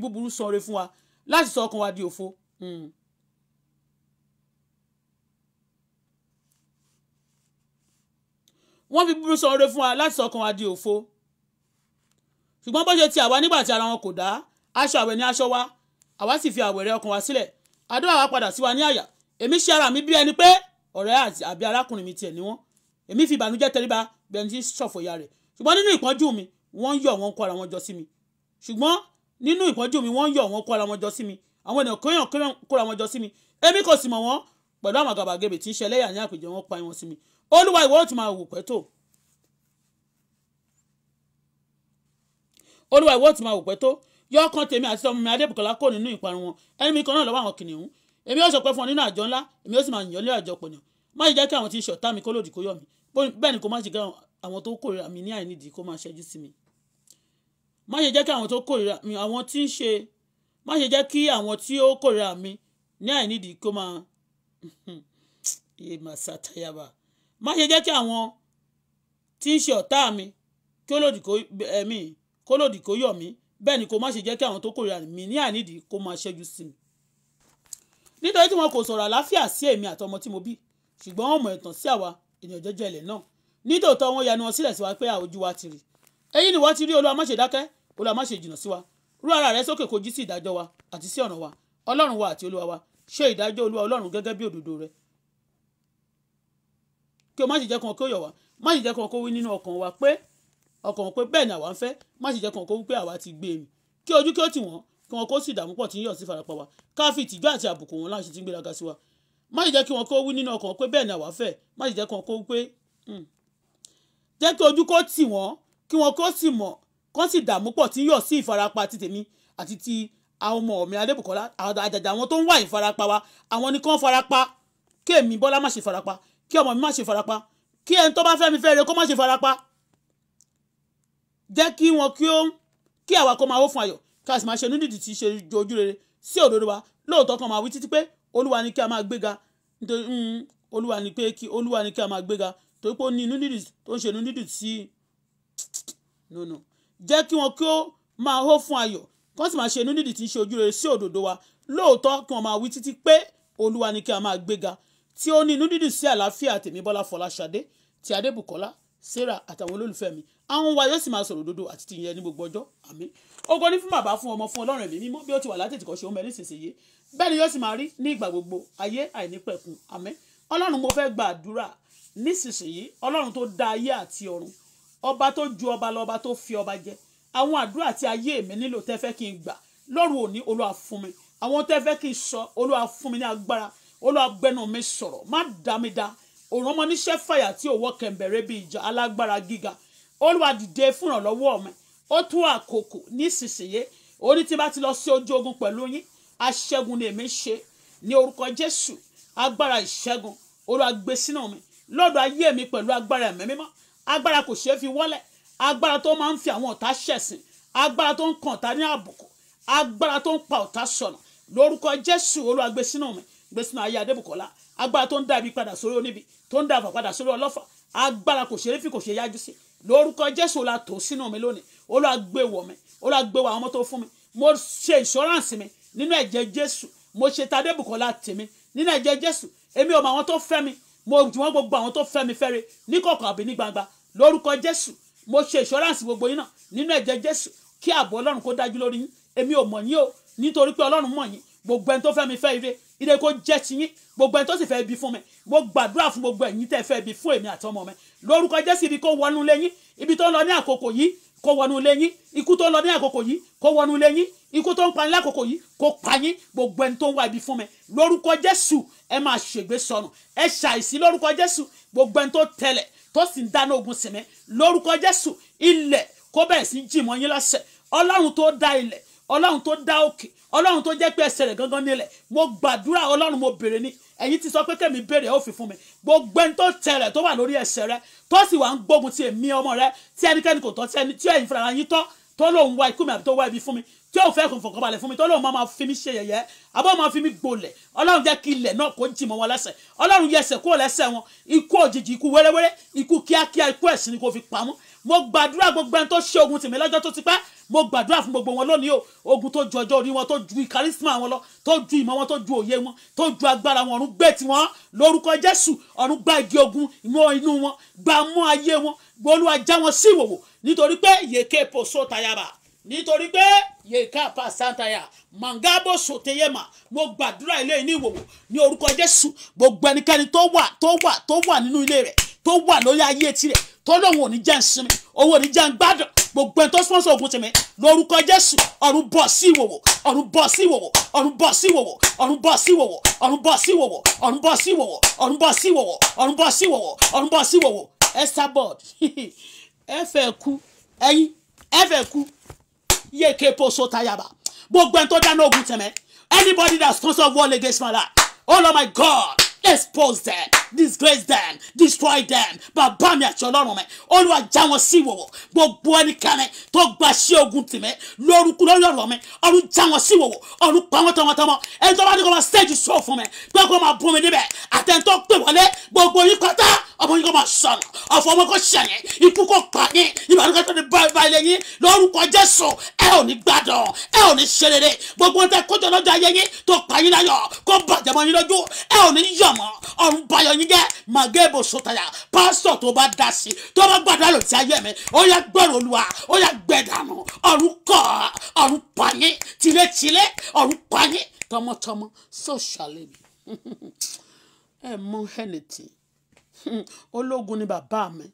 A: búburú san oore fún wa láti sọ ọkàn wa di òfo. Hmm. wọ́n fi búburú san oore fún wa láti sọ ọkàn wa di òfo. ṣùgbọ́n bó ṣe ti àwa nígbà tí ara wọn kò dá aṣọ àwẹ̀ ní aṣọ wa àwa sì fi àwẹ̀rẹ̀ ọkàn wa sílẹ̀ àdúrà mi bí ọ̀rẹ́ àti àbí arákùnrin mi tiẹ̀ ni wọ́n èmi fi ìbànújẹ́ tẹríba bẹni tí ṣọ̀fọ̀ ìyá rẹ̀ ṣùgbọ́n nínú ìpọ́njú mi wọ́n yọ̀ wọ́n kó ara wọn jọ sí mi ṣùgbọ́n nínú ìpọ́njú mi wọ́n yọ̀ wọ́n kó ara wọn jọ sí mi àwọn ènìyàn kéèyàn kó ara wọn jọ sí mi èmi kò sì mọ̀ wọ́n pẹ̀lú àwọn àgàbàgebè tí ń ṣẹlẹ́yà ní àpèjẹ wọn pa wọn sí mi olúwa ìwọ ó tún máa wò pẹ́ tó olúwa ìwọ ó tún máa wò pẹ́ tó yọ ọkàn tèmi àti ọmọ mi adébùkọ́lá kò nínú ìparun wọn ẹni mi kan náà lọ́wọ́ àwọn kìnìún èmi ó ṣọpẹ́ fún ọ nínú àjọ ńlá èmi ó sì máa yàn lé àjọ pọ̀ náà má ṣe jẹ́ kí àwọn tí ń ṣọ̀tá mi kó lòdì kó yọ̀ mí bẹ́ẹ̀ ni kó má ṣe kí àwọn tó kórìíra mi ní àìnídìí kó máa ṣẹ́jú sí mi má ṣe jẹ́ kí àwọn tó kórìíra mi àwọn tí ń ṣe má ṣe jẹ́ kí àwọn tí ó kórìíra mi ní àìnídìí kó máa yéé máa ṣàtàyàbà má ṣe jẹ́ kí àwọn tí ń ṣe mi kí ó lòdì kó ẹ̀mí kó lòdì kó yọ̀ mí bẹ́ẹ̀ ni kó má ṣe jẹ́ kí àwọn tó kórìíra mi ní àìnídìí kó máa ṣẹ́jú sí mi nítorí tí wọn kò sọ̀rọ̀ àlàáfíà sí èmi àtọmọ tí mo bí ṣùgbọ́n wọn mọ̀ ẹ̀tàn sí àwa ènìyàn jẹ́jẹ́ ilẹ̀ náà nítòótọ́ wọn yanu wọn sílẹ̀ sí wa pé àwòjú wa ti rí èyí ni wọ́n ti rí olúwa má ṣe dákẹ́ olúwa má ṣe jìnnà sí wa rú ara rẹ sókè kojú sí ìdájọ́ wa àti sí ọ̀nà wa ọlọ́run wa àti olúwa wa ṣe ìdájọ́ olúwa ọlọ́run gẹ́gẹ́ bí òdodo rẹ kí o má ṣe jẹ́ kan kó yọ̀ wá má ṣe jẹ́ kan kó wí nínú ọkàn wa pé ọkàn pé bẹ́ẹ̀ ni àwa ń fẹ́ má ṣe jẹ́ kan kó wí pé àwa ti gbé mi e kí ojú kí ó tì wọ́n kí wọn kó sì dààmú pọ̀ tí ń yọ̀ sí farapa wa káfí ìtìjú àti àbùkù wọn láṣẹ tí ń gbéraga sí wa má jẹ́ kí wọn kó wí nínú ọkàn pé bẹ́ẹ̀ ni àwa fẹ́ má jẹ́ kí wọn kó pé hmm. jẹ́ kí ojú kó tì wọ́n kí wọn kó sì mọ̀ kó sì dààmú pọ̀ tí ń yọ̀ sí ìfarapa ti tèmi àti ti àwọn ọmọ mi adébùkọ́lá àjàjà àwọn tó ń wá ìfarapa wa àwọn ni kán farapa kí èmi bọ́lá má ṣe farapa kí ọmọ mi má ṣe farapa kí ẹni tó bá fẹ́ mi fẹ́ re kó má ṣe farapa jẹ́ kí wọn kí ó kí àwa kó máa wó fún ayọ̀ ká sì máa ṣe onídìdì tí í ṣe ojú rere sí òdodo wa lóòótọ́ kan máa wí títí pé olúwa ni kí a máa gbéga nítorí hmm, olúwa ni pé kí olúwa ni kí a máa gbéga torí pé ó ní onídìdì tó ń ṣe onídìdì sí no no jẹ́ kí wọn kí ó máa hó fún ayọ̀ kí wọ́n sì máa ṣe onídìdì tí í ṣe ojú rere sí òdodo wa lóòótọ́ kí wọ́n máa wí títí pé olúwa ni kí a máa gbéga tí ó ní inú dídùn sí àlàáfíà tèmi bọ́lá fọláṣadé ti adébùkọ́lá sarah àtàwọn olólùfẹ́ mi àwọn wa yóò sì máa sọ̀rọ̀ òdodo àti tìyẹn ní gbogbo ọjọ́ àmín ògo ni fún bàbá fún ọmọ fún ọlọ́run ẹ̀mí mímọ́ bí ó ti wà látètè kọ́ ṣe ó mẹ́rin ṣèṣeyé bẹ́ẹ̀ ni yóò sì máa rí ní ìgbà gbogbo ayé àìnípẹ̀kun àmín ọlọ́run mo fẹ́ gba àdúrà nísinsìnyí ọlọ́run tó dá ayé àti ọ̀run ọba tó ju ọba lọ ọba tó fi ọba jẹ àwọn àdúrà tí ayé mi nílò tẹ́ fẹ́ kí n gbà lóru òní olúwa fún mi àwọn tẹ́ fẹ́ kí n sọ olúwa fún mi ní agbára olúwa gbẹnu mi sọ̀rọ̀ má dá mi dá òrùn ọmọ níṣẹ́ fàyà tí òwò kẹ̀m̀bẹ̀rẹ̀ bíi ìjà alágbára olúwa dìde fúnrànlọ́wọ́ mi ó tún àkókò nísinsìnyí orí tí bá ti lọ sí ojú ogun pẹ̀lú yín aṣẹ́gun ni èmi ṣe ní orúkọ jésù agbára ìṣẹ́gun olúwa gbé sínú mi lọ́dọ̀ ayé mi pẹ̀lú agbára ẹ̀mí mímọ́ agbára kò ṣeé fi wọ́lẹ̀ agbára tó máa ń fi àwọn ọ̀tá ṣẹ̀sín agbára tó ń kan ọ̀tá ní àbùkù agbára tó ń pa ọ̀tá sọ̀nà lórúkọ jésù olúwa sínú mi gbé sínú ayé adébùkọ́lá agbára tó ń dá padà sórí oníbi tó ń dá padà sórí ọlọ́fà agbára kò ṣeé fi kò ṣeé yájú sí i lórúkọ jésù la tò sínú mi lónìí olúwa gbé wọ̀ mi olúwa gbé wọ̀ àwọn ọmọ tó fún mi mo ṣe insurance mi nínú ẹ̀jẹ̀ jésù mo ṣe tadébùkọ́lá tèmi nínú ẹ̀jẹ̀ jésù èmi ò mọ àwọn tó fẹ́ mi mo jù wọ́n gbogbo àwọn tó fẹ́ mi fẹ́re ní kọ̀ọ̀kan àbí ní gbangba lórúkọ jésù mo ṣe insurance gbogbo yín náà nínú ẹ̀jẹ̀ jésù kí ààbò ọlọ́run kó dájú lórí yín èmi ò mọ̀ yín o nítorí pé ọlọ́run mọ̀ yín gbogbo ẹni tó fẹ́ mi fẹ́ ire ire kó jẹ́ tiyín gbogbo ẹni tó sì fẹ́ bí fún mi mo gbàdúrà fún gbogbo ẹ̀yin tẹ́ fẹ́ bí fún èmi àtọmọ mi lórúkọ Jésù ibi kó wọnú lẹ́yìn ibi tó ń lọ ní àkókò yìí kó wọnú lẹ́yìn ikú tó ń lọ ní àkókò yìí kó wọnú lẹ́yìn ikú tó ń pa ní lákòókò yìí kó pa yín gbogbo ẹni tó ń wá ibi fún mi lórúkọ Jésù ẹ máa ṣègbé sọnù ẹ ṣàìsí lórúkọ Jésù gbogbo ẹni tó tẹlẹ̀ tó sì ń dáná ogun sí mi lórúkọ Jésù ilẹ̀ kó bẹ̀rẹ̀ sí jìmọ̀ yín lọ́sẹ̀ ọlọ́run tó dá ilẹ̀ ọlọ́run tó dá òkè ọlọ́run tó jẹ́ pé ẹsẹ̀ rẹ̀ gangan nílẹ̀ mo gbàdúrà ọlọ́run mo béèrè ni ẹ̀yin ti sọ pé kẹ́mi béèrè ó fi fún mi gbogbo ẹni tó tẹ rẹ̀ tó wà lórí ẹsẹ̀ rẹ̀ tó sì wà ń gbógun ti èmi ọmọ rẹ̀ tí ẹnikẹ́ni kò tọ́ tí ẹni tí ẹ̀yin fúnra yín tọ́ tó lóun wá ikú mi àbí tó wá ibi fún mi tí òun fẹ́ kò fọkàn balẹ̀ fún mi tó lóun máa fi mi ṣe yẹ̀yẹ́ àbọ̀ máa fi mi gbolẹ̀ ọlọ́run jẹ́ kí ilẹ̀ náà kó jì mọ́ wọn lẹ́sẹ̀ ọlọ́run yẹsẹ̀ kó lẹ́sẹ̀ wọn ikú òjijì ikú wẹ́rẹ́wẹ́rẹ́ ikú kíákíá ikú ẹ̀sìn ni kò fi pamọ́ mo gbàdúrà gbogbo ẹni tó ṣe ogun tìmí lọ́jọ́ tó ti pẹ́ mo gbàdúrà fún gbogbo wọn lónìí o ogun tó ju ọjọ́ orí wọn tó ju ìkárísímà wọn lọ tó ju ìmọ̀ wọn tó ju òye wọn tó ju agbára wọn ọ̀run gbé tiwọn lórúkọ jésù ọ̀run gba igi ogun mọ́ inú wọn gba mọ́ ayé wọn olúwa já wọn sí ìwòwò nítorí pé yèké pòṣó tayaba nítorí pé yèká pàṣántàyà mangabo sòtẹyẹmà mo gbàdúrà ilé ní ìwòwò ní orúkọ jésù gbogbo ẹnikẹ́ni tó wà tó wà tó wà nínú ilé rẹ̀ tó wà lórí ayé tirẹ̀ tó lóun ò ní jẹ́ ìsinmi òun ò ní jẹ́ ìgbádùn gbogbo ẹni tó sponsor ogun tèmi lórúkọ jésù ọ̀run bọ̀ sí ìwòwò ọ̀run bọ̀ sí ìwòwò ọ̀run bọ̀ sí ìwòwò ọ̀run bọ̀ sí ìwòwò ọ̀run bọ̀ sí ìwòwò ọ̀run bọ̀ sí ìwòwò ọ̀run bọ̀ sí ìwòwò ọ̀run bọ̀ sí ìwòwò ọ̀run bọ̀ sí ìwòwò esther board [LAUGHS] ẹ fẹ́ kú ẹyin ẹ fẹ́ kú yéèké poso tayaba gbogbo ẹni tó dáná ogun tèmi anybody that sponsor war against my life oh my god expose them disgrace them destroy them bàbá mi àti ọlọ́run mi olúwa já wọn sí ìwòwò gbogbo ẹnikẹ́ni tó gba sí ogun tìmẹ́ lórúkú lórí ọ̀rọ̀ mi ọ̀run já wọn sí ìwòwò ọ̀run pa wọn tọmọtọmọ ẹni tó bá ní kó máa stage show fún mi pé kó máa bú mi níbẹ̀ àtẹ̀ntọ́ pè wọlé gbogbo yín pátá ọmọ yín kó máa sọnù ọ̀fọ̀ ọmọ kó ṣẹ̀yìn ikú kó pa yín ìbànújẹ́ tó ní bá ilé yín lórúkọ jésù ẹ ò ní gbádùn ẹ ò ní ṣerere gbogbo ohun tẹ kójọ lọ́jọ́ ayé yín tó pa yín láyọ̀ kó bàjẹ́ mọ́ yín lójú ẹ ò ní yọ̀ mọ́ ọ̀run báyọ̀ yín jẹ́ màgébò sotaya pásítọ̀ tó bá dá sí tó bá gbàdúrà lòtí ayé mi ó yá gbọ́rọ̀ olúwa ó yá gbẹ̀dànù ọ̀run kọ́ ọ̀run pààyàn tìlétìlé ọ̀run pààyàn tọmọtọmọ so shall [LAUGHS] ẹ mọ anything [LAUGHS] ológun ni bàbá mi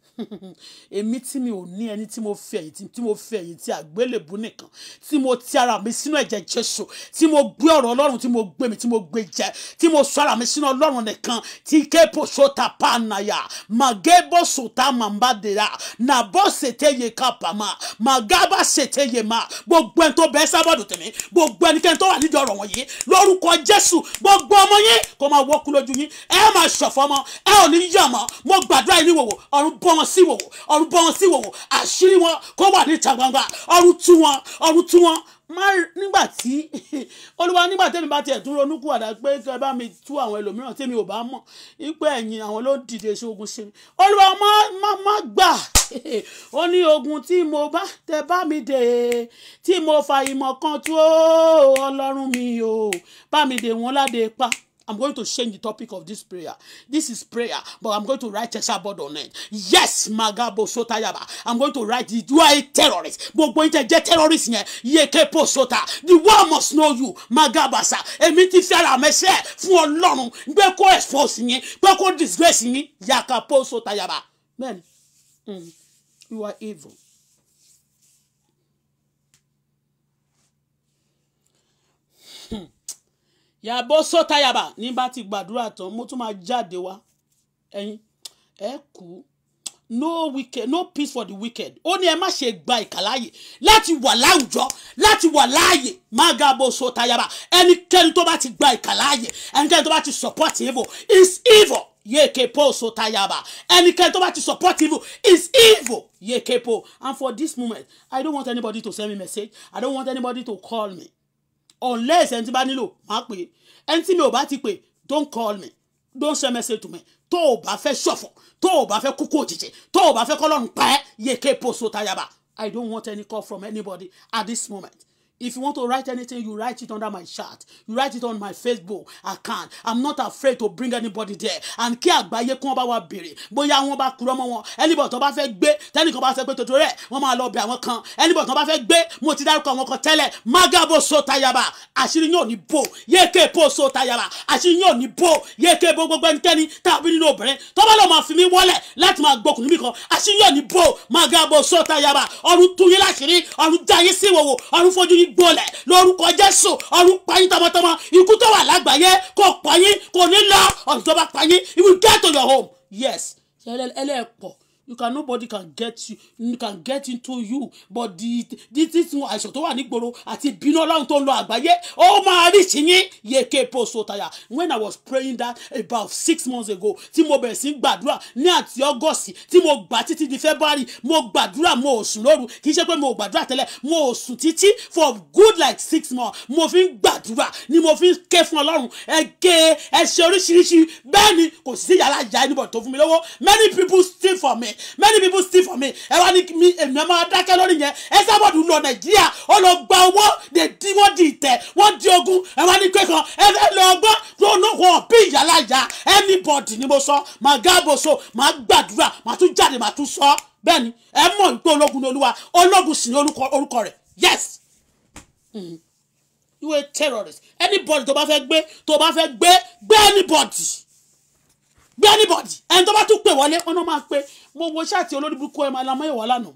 A: [LAUGHS] èmi tí mi ò ní ẹni tí mo fi ẹ̀yìn tí mo fi ẹ̀yìn tí àgbélébùú nìkan tí mo ti ara mi sínú ẹ̀jẹ̀ Jésù tí mo gbé ọ̀rọ̀ Ọlọ́run tí mo gbé mi tí mo gbé jẹ tí mo sọ ara mi sínú Ọlọ́run nìkan tí képo sota panaya magebo sota mambadera nabo seteye kapama magaba seteye ma gbogbo ẹni tó bẹ́ẹ̀ sábàdù tèmi gbogbo ẹnikẹ́ni tó wà nídìí ọ̀rọ̀ wọ̀nyí lórúkọ Jésù gbogbo ọmọ yín kó máa wọ́kú lójú yín ẹ máa ṣọ̀fọ̀ ọmọ ẹ ò ní yàmọ́ lánàá mo gbàdúrà yìí wòwò ọ̀run bọ́ wọn sí wòwò ọ̀run bọ́ wọn sí wòwò àṣírí wọn kó wà níta gbangba ọ̀run tú wọn ọ̀run tú wọn má nígbà tí [LAUGHS] olúwa nígbà tẹ́mi bá tiẹ̀ tún ronú kúwàdà pé kí ẹ bá mi tú àwọn ẹlòmíràn tẹ́mi ò bá mọ̀ wípé ẹ̀yìn àwọn ló dìde ṣe ogun ṣe mi olúwa má má má gbà [LAUGHS] ó ní ogun tí mo bá tẹ bá mi dè tí mo fa ìmọ̀ kan tó ọlọ́run mi ò bá mi dè wọ́n láde pa I'm going to change the topic of this prayer. This is prayer, but I'm going to write a checkerboard on it. Yes, Magabo yaba. I'm going to write it. You are a terrorist. But going to get terrorist here. Yekepo Sota. The world must know you. Magabasa. Emiti ti fi ara mi ṣe fún Ọlọ́run. Gbé kó expose yín. Gbé kó disgrace yín. Yakapo yaba. Men, mm, you are evil. yàbọ̀ sọ́tàyàbà ní bá ti gbàdúrà tán mo tún máa jáde wá ẹ̀yin ẹ kú no wicked no peace for the wicked ó ní ẹ má ṣe gba ìkàláyè láti wà láwùjọ láti wà láàyè má ga bó sọ́tàyàbà ẹnikẹ́ni tó bá ti gba ìkàláyè ẹnikẹ́ni tó bá ti support evil is evil yekepo sotayaba ẹnikẹ́ni tó bá ti support evil is evil yekepo and for this moment i don't want anybody to send me message i don't want anybody to call me unless ẹni tí bá nílò máa pè é ẹni tí mi ò bá ti pè don't call me don't send message to me tó o bá fẹ́ ṣọ̀fọ̀ tó o bá fẹ́ kúkú òjijì tó o bá fẹ́ kọ́lọ́run pa ẹ́ yèké poso tayaba I don't want any call from anybody at this moment If you want to write anything, you write it under my chat. You write it on my Facebook account. I'm not afraid to bring anybody there. And kí àgbáyé kún ọba wa béèrè. Bóyá wọ́n bá kúrọ́ mọ́ wọn. Anybody tó bá fẹ́ gbé tẹ́nìkan bá sọ pé tòtò rẹ̀ wọ́n máa lọ bẹ̀ àwọn kan. Anybody tó bá fẹ́ gbé mo ti dárúkọ àwọn kan tẹ́lẹ̀. Mágàbò so tayaba. Àṣírí yóò ní bò. Yéèké bò so tayaba. Àṣírí yóò ní bò. Yéèké bò gbogbo ẹnikẹ́ni tàbí nínú obìnrin. Tó bá lọ máa fi mí wọlẹ̀ láti máa gbókùn níbì kan. Àṣírí yóò ní bò. Mágàbò so tayaba. Ọ̀run tú yín yín gbolẹ̀ lórúkọ Jésù ọ̀run pa yín tọmọtọmọ ikú tó wà lágbàáyé kò pa yín kò ní lọ ọ̀run tó bá pa yín you will get to your home yes ẹlẹ́ẹ̀pọ̀ you can nobody can get you you can get into you but the the this àìsàn tó wà nígboro àti ìbínú ọlọ́run tó ń lọ àgbáyé ó máa rí ṣìyín yeke poso taya when i was praying that about six months ago tí mo bẹ̀rẹ̀ sí gbàdúrà ní àti august tí mo gbà títí di february mo gbàdúrà mo ò sùn lóru kì í ṣe pé mo gbàdúrà tẹ́lẹ̀ mo ò sùn títí for good like six months mo fi ń gbàdúrà ni mo fi ń ké fún ọlọ́run ẹ ké ẹ ṣe oríṣiríṣi bẹ́ẹ̀ ni kò sí yàrá ìyá ẹnìbọ̀ tó fún mi lówó many people steal for me many people steal from me ẹ wá ní mi èmi ẹ máa dákẹ́ lórí yẹn ẹ sábọ̀dù lọ nàìjíríà ó lọ gba owó lè dí wọ́n di ìtẹ̀ wọ́n di ogun ẹ wá ní kékan ẹ fẹ́ lọ gbọ́ wọn wọn bí ìyálàyà anybody ni mo sọ màá gáàbò so màá gbàdúrà màá tún jáde màá tún sọ bẹ́ẹ̀ ni ẹ mọ̀ ní pé ológun ni olúwa ológun sì ni orúkọ rẹ̀ yes. Hmm. You a terrorist anybody tó bá fẹ́ gbé tó bá fẹ́ gbé gbé anybody bí anybody ẹni tó bá tún pè wọlé ọ̀nà máa pé mo wo ṣáàtì olórí burúkú ẹ̀ máa lamọ́ ìwà lánàá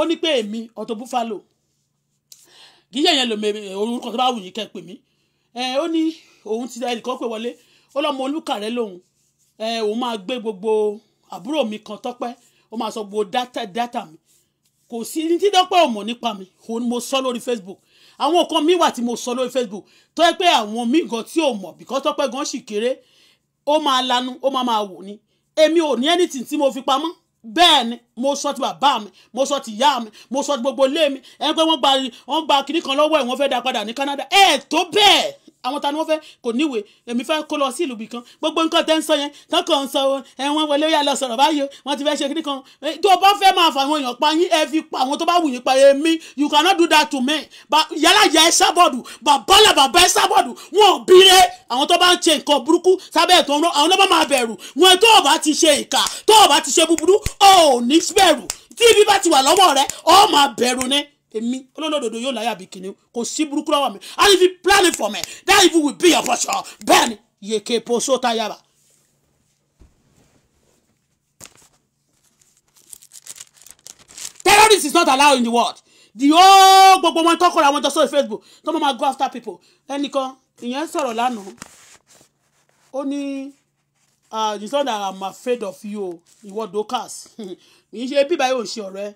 A: ó ní pé èmi Auto Boofalo kì í yẹ̀yẹ̀ lòmè orúkọ tó bá wù yín kẹ́ pè mí ó ní òun ti ẹnìkan pè wọlé ó lọ́mọ olúkàrẹ́ lòun òun máa gbé gbogbo àbúrò mi kan tọ́pẹ́ ó máa sọ gbogbo dátà dátà mi kò sí ní tí dọ́pẹ́ ò mọ̀ nípa mi òun mo sọ lórí Facebook àwọn nǹkan mi wà tí mo sọ lórí Facebook tó yẹ pé àwọn mí gan tí ò mọ̀ bìkọ́ tọ́pẹ́ gan sì kéré ó máa lanu ó máa máa wò ni èmi ò ní anything tí mo fi pamọ́ bẹ́ẹ̀ ni mo sọ ti bàbá mi mo sọ ti ìyá mi mo sọ ti gbogbo ilé mi ẹni pé wọ́n gba wọ́n gba kinní kan lọ́wọ́ ẹ̀ wọ́n fẹ́ dá padà ní Canada ẹ̀ tó bẹ́ẹ̀ àwọn ta ni wọ́n fẹ́ kò níwèé èmi fẹ́ kó lọ sí ìlú bìkan gbogbo nǹkan tẹ́ ń sọ yẹn tán kàn ń sọ ẹ̀wọ̀n wọlé yà lọ sọ̀rọ̀ báyìí wọ́n ti fẹ́ ṣe kíní kan tó o bá fẹ́ máa fà àwọn èèyàn pa yín ẹ fi pa àwọn tó bá wù yín pa èmi you cannot do that to me yálà yà ẹ sábọ̀dù bàbálà bàbá ẹ sábọ̀dù wọn ò bíire àwọn tó bá ń ṣe nǹkan burúkú sábẹ́ ètò ọ̀run àwọn náà máa bẹ̀rù wọn tó o bá ti ṣe ìkà tó o bá ti ṣe búburú ò ní bẹ̀rù tí ibi bá ti wà lọ́wọ́ rẹ o máa èmi olólòdòdò yóò láyà bí kìnìún kò sí burúkú lọ́wọ́ mi and if you plan it for me that even will be your portion bẹ́ẹ̀ ni yèké poso tayaba. terrorist is not allowed in the world the whole gbogbo wọn tọkọrọ àwọn jọsọ Facebook tó mọ máa go after people ẹnìkan ìyẹn sọ̀rọ̀ lánàá ó ní you ah, know that i'm afraid of you ìwọ dokas [LAUGHS] kì í ṣe bíbá yóò ṣe ọ̀rẹ́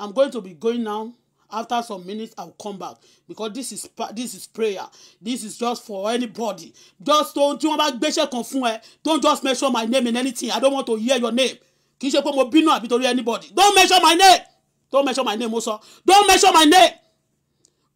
A: i'm going to be going now after some minutes I will come back because this is this is prayer this is just for anybody just tó tí wọ́n bá gbéṣẹ́ kan fún ẹ don't just mention my name in anything i don't want to hear your name kì í ṣe pé mo bínú àbí torí anybody don't mention my name don't mention my name mo sọ don't mention my name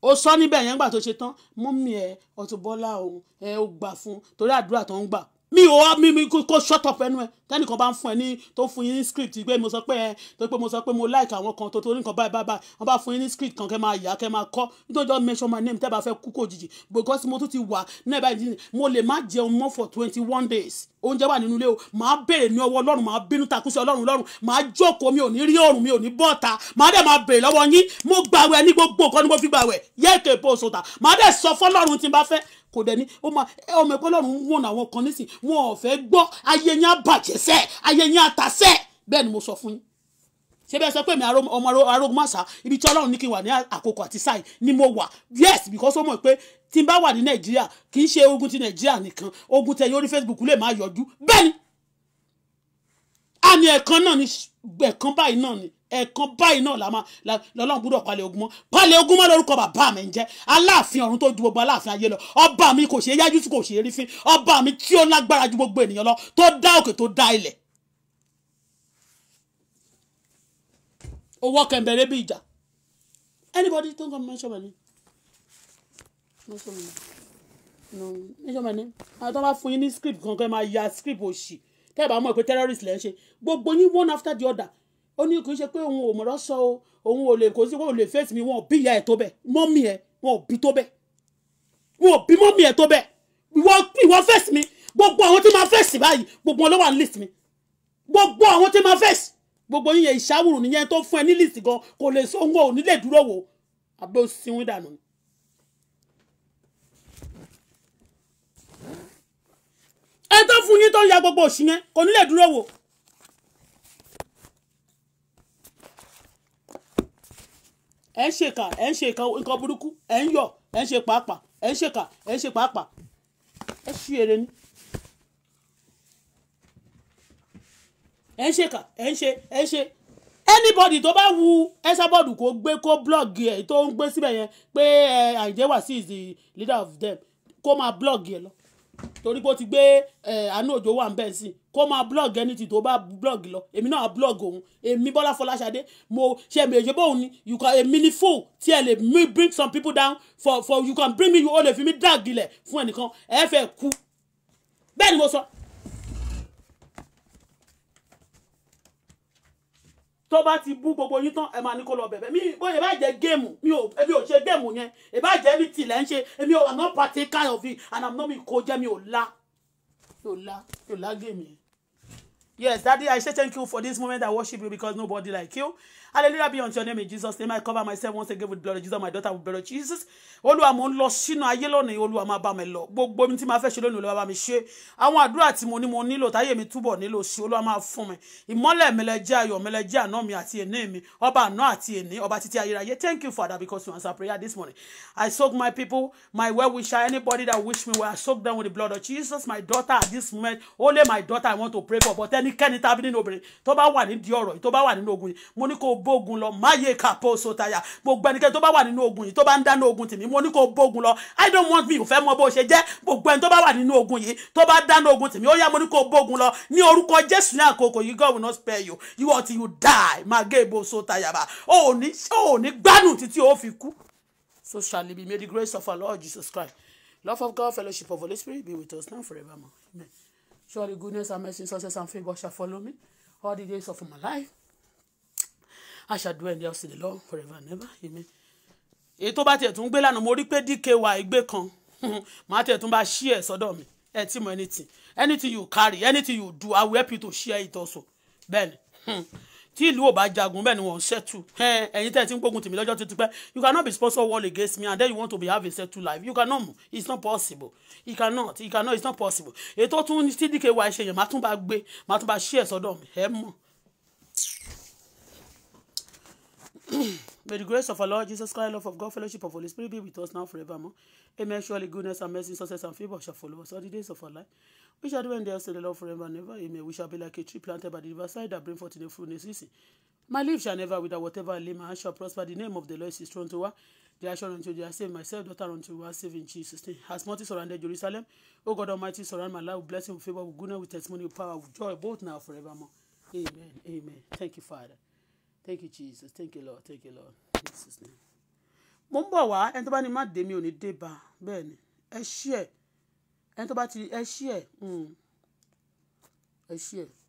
A: ó sọ níbẹ̀ yẹn gbà tó ṣe tán mú mi ẹ Auto Bola òun ẹ ó gbà fún torí àdúrà tó ń gbà mi ò mi mi kò shut up ẹnu ẹ tẹnìkan bá ń fún ẹ ní tó fún yín ní script pé mo sọ pé ẹ tó pé mo sọ pé mo like àwọn kan tó tó nìkan báyìí báyìí wọn bá fún yín ní script kan kẹ máa yà kẹ máa kọ nítorí just mention my name tẹ́ bá fẹ́ kú kò jìjì because mo tún ti wà náà báyìí mo lè má jẹun mọ́ for twenty one days oúnjẹ wà nínú ilé o màá béèrè ní ọwọ́ ọlọ́run màá bínú takùsí ọlọ́run lọ́run màá jókòó mi ò ní rí ọ̀run mi ò ní bọ́ta màá dẹ̀ máa béèrè lọ́wọ́ yín mo gbàwẹ̀ ní gbogbo nǹkan ni mo fi gbàwẹ̀ yẹ́ẹ̀kẹ́ bó o sọ̀tà màá dẹ̀ sọ fọ́lọ́run tí n bá fẹ́ kò dẹ̀ ní ó máa ọmọ ẹ̀pẹ́ ọlọ́run wọ̀n àwọn kan nísìn wọn ò fẹ́ gbọ́ ayé yẹn á bàjẹ́ sẹ́ ayé yẹn á ta sẹ́ bẹ́ẹ̀ ni mo sọ fún yín ṣé bẹ́ẹ̀ sọ pé mi ọmọ arógunmáṣá ibi tí ọlọ́run ní kí n wà ní àkókò àti sáì ni mo wà yes because ó mọ̀ pé tí n bá wà ní nàìjíríà kì í ṣe ogun ti nàìjíríà nìkan ogun tẹ̀yìn orí facebook lè máa yọjú bẹ́ẹ̀ ni ni ẹ̀kan náà ni ẹ̀kan báyìí náà ni ẹ̀kan báyìí náà lọ́lọ́run gbúdọ̀ palẹ̀ ogun mọ́ palẹ̀ ogun mọ́ lórúkọ bàbá mi ń jẹ́ aláàfin ọ̀run tó ju gbogbo aláàfin ayé lọ ọba mi kò ṣeé yájú tí kò ṣeé rí fín ọba mi tí ó lágbára ju gbogbo ènìyàn lọ tó dá òkè tó dá ilẹ̀. owó kẹ̀mbẹ̀rẹ̀ bí ìjà anybody tó ń kọ́ mẹ́sọ̀ mẹ́ni mẹ́sọ̀ mẹ́ni mẹ́sọ̀ mẹ́ni àwọn tó bá fún yín ní script kankan máa ya script òṣì tẹ́ ẹ bá mọ̀ pé terrorist lẹ́ ń ṣe gbogbo yín one after the other ó ní kì í ṣe pé òun ò mọ̀rọ̀ sọ o òun ò lè kó sí òun ò lè face mi wọn ò bí ìyá ẹ̀ tó bẹ̀ mọ́mì ẹ̀ wọn ò bí tó bẹ̀ wọn ò bí mọ́mì ẹ̀ tó bẹ̀ ìwọ ìwọ face mi gbogbo àwọn tí máa face báyìí gbogbo ló wà ní list mi gbogbo àwọn tí máa face gbogbo yín yẹn ìṣàwùrù nìyẹn tó fún ẹ ní list gan kò lè sọ òun ò ní lè dúró wò àbẹ́ òsínwó dànù ni ẹni tó fún yín tó ń ya gbogbo òṣì yẹn kò nílẹ̀ dúró wò. ẹ ń ṣèkà ẹ ń ṣèkà nǹkan burúkú ẹ ń yọ ẹ ń ṣe pàápàá ẹ ń ṣèkà ẹ ń ṣe pàápàá ẹ ṣí ere ní. ẹ ń ṣèkà ẹ ń ṣe ẹ ń ṣe anybody tó bá wu ẹsàbọọdù kó gbé kó blọọgì ẹ tó ń gbé síbẹ̀ yẹn pé ẹ sí is the leader of them kó máa blọọgì ẹ lọ torí pé ó ti gbé àánú òjò wà ń bẹ̀ sí kó máa blog anything tó bá blog lọ èmi náà blog òun èmi bọ́lá fọláṣadé mo ṣe èmi èjò bóun ni you can a ní fún tí ẹ lè bring some people down for for you can bring me you ó lè fi mí dàgìlẹ̀ fún ẹnìkan ẹ fẹ́ kú bẹ́ẹ̀ ni mo sọ tó bá ti bú gbogbo yín tán ẹ máa ní kó lọ bẹ̀bẹ̀ mi bó ẹ bá jẹ́ géèmù mi ò èmi ò ṣe géèmù yẹn ẹ bá jẹ́ ẹbí tìlẹ̀ ń ṣe èmi ò i'm not partaker of it and mi kó jẹ́ mi ò la mi ò la mi ò la géèmù yẹn. yes daddy i say thank you for this moment i worship you because nobody like you hallelujah be unto your name in jesus name i cover myself once again with blood of jesus my daughter with blood of jesus olúwa mo ń lọ sínú ayé lónìí olúwa máa bá mi lọ gbogbo mi tí máa fẹ́ ṣe lónìí olúwa bá mi ṣe àwọn àdúrà tí mo ní mo nílò táyé mi túbọ̀ nílò ṣe olúwa máa fún mi ìmọ́lẹ̀ mi lẹ jẹ́ ayọ̀ mi lẹ jẹ́ àná mi àti èní mi ọba àná àti èní ọba títí ayérayé thank you father because you answer prayer this morning i soak my people my well wisher anybody that wish me well i soak them with the blood of jesus my daughter at this moment only my daughter i want to pray for but ẹnikẹ́ni tábí nínú obìnrin tó bá wà nídìí ọ̀rọ̀ tó bá wà nínú ogun yìí mo ní kó bógun lọ máyé kàpọ̀ sotaya gbogbo ẹnikẹ́ni tó bá wà nínú ogun yìí tó bá ń dáná ogun tìmí mo ní kó bógun lọ i don't want me ò fẹ́ mọ bó ṣe jẹ́ gbogbo ẹni tó bá wà nínú ogun yìí tó bá dáná ogun tìmí ó yá mo ní kó bógun lọ ní orúkọ jésù ní àkókò yìí god will not spare you you want you die máyé bo sotaya bá ò ní ò ní gbádùn títí ó fi kú so shall it be may the grace of our lord jesus christ love of god fellowship of holy spirit be with us now forevermore amen surely goodness and mercy success and favour shall follow me all the days of my life I shall dwell in the house of the Lord forever and ever amen. èyí tó bá tiẹ̀ tún gbé lánàá mo rí pé DKY gbé kan [LAUGHS] màá tiẹ̀ tún bá ṣí ẹ̀ sọ́dọ̀ mi ẹ̀ tí mo anything anything you carry anything you do I will help you to share it also bẹ́ẹ̀ni [LAUGHS] tí ìlú ò bá jagun bẹ́ẹ̀ ni wọ́n ṣẹ́tù [LAUGHS] ẹ̀yin tẹ́ ẹ ti ń gbógun tèmi lọ́jọ́ tuntun pẹ́ you cannot be sponsor war against me and then you want to be have a settled life you cannot it's not possible you cannot you cannot it's not possible ètò tún tí DKY ṣe yẹn màá tún bá gbé màá tún bá ṣí ẹ̀ sọ́dọ̀ mi ẹ̀ mọ̀ [CLEARS THROAT] May the grace of our Lord Jesus Christ, love of God, fellowship of Holy Spirit be with us now forevermore. Amen. Surely goodness and mercy, success and favor shall follow us all the days of our life. We shall do and dare say the Lord forever and ever. Amen. We shall be like a tree planted by the riverside that bring forth in the fruit in My leaf shall never wither, whatever I lay my hand shall prosper. The name of the Lord is strong throne to her. The action unto thee, I save myself, daughter unto thee, I save in Jesus' name. Has multi surrounded Jerusalem, O God Almighty, surround my life with blessing, with favor, with goodness, with testimony, with power, with joy, both now forevermore. Amen. Amen. Thank you, Father thank you jesus thank you lord thank you lord jesus name. mo ń bọ̀ wá ẹni tó bá ní má dé ò ní dé bá bẹ́ẹ̀ ni ẹ ṣí ẹ ẹni tó bá ti ẹ ṣí ẹ hmm. ẹ ṣí ẹ.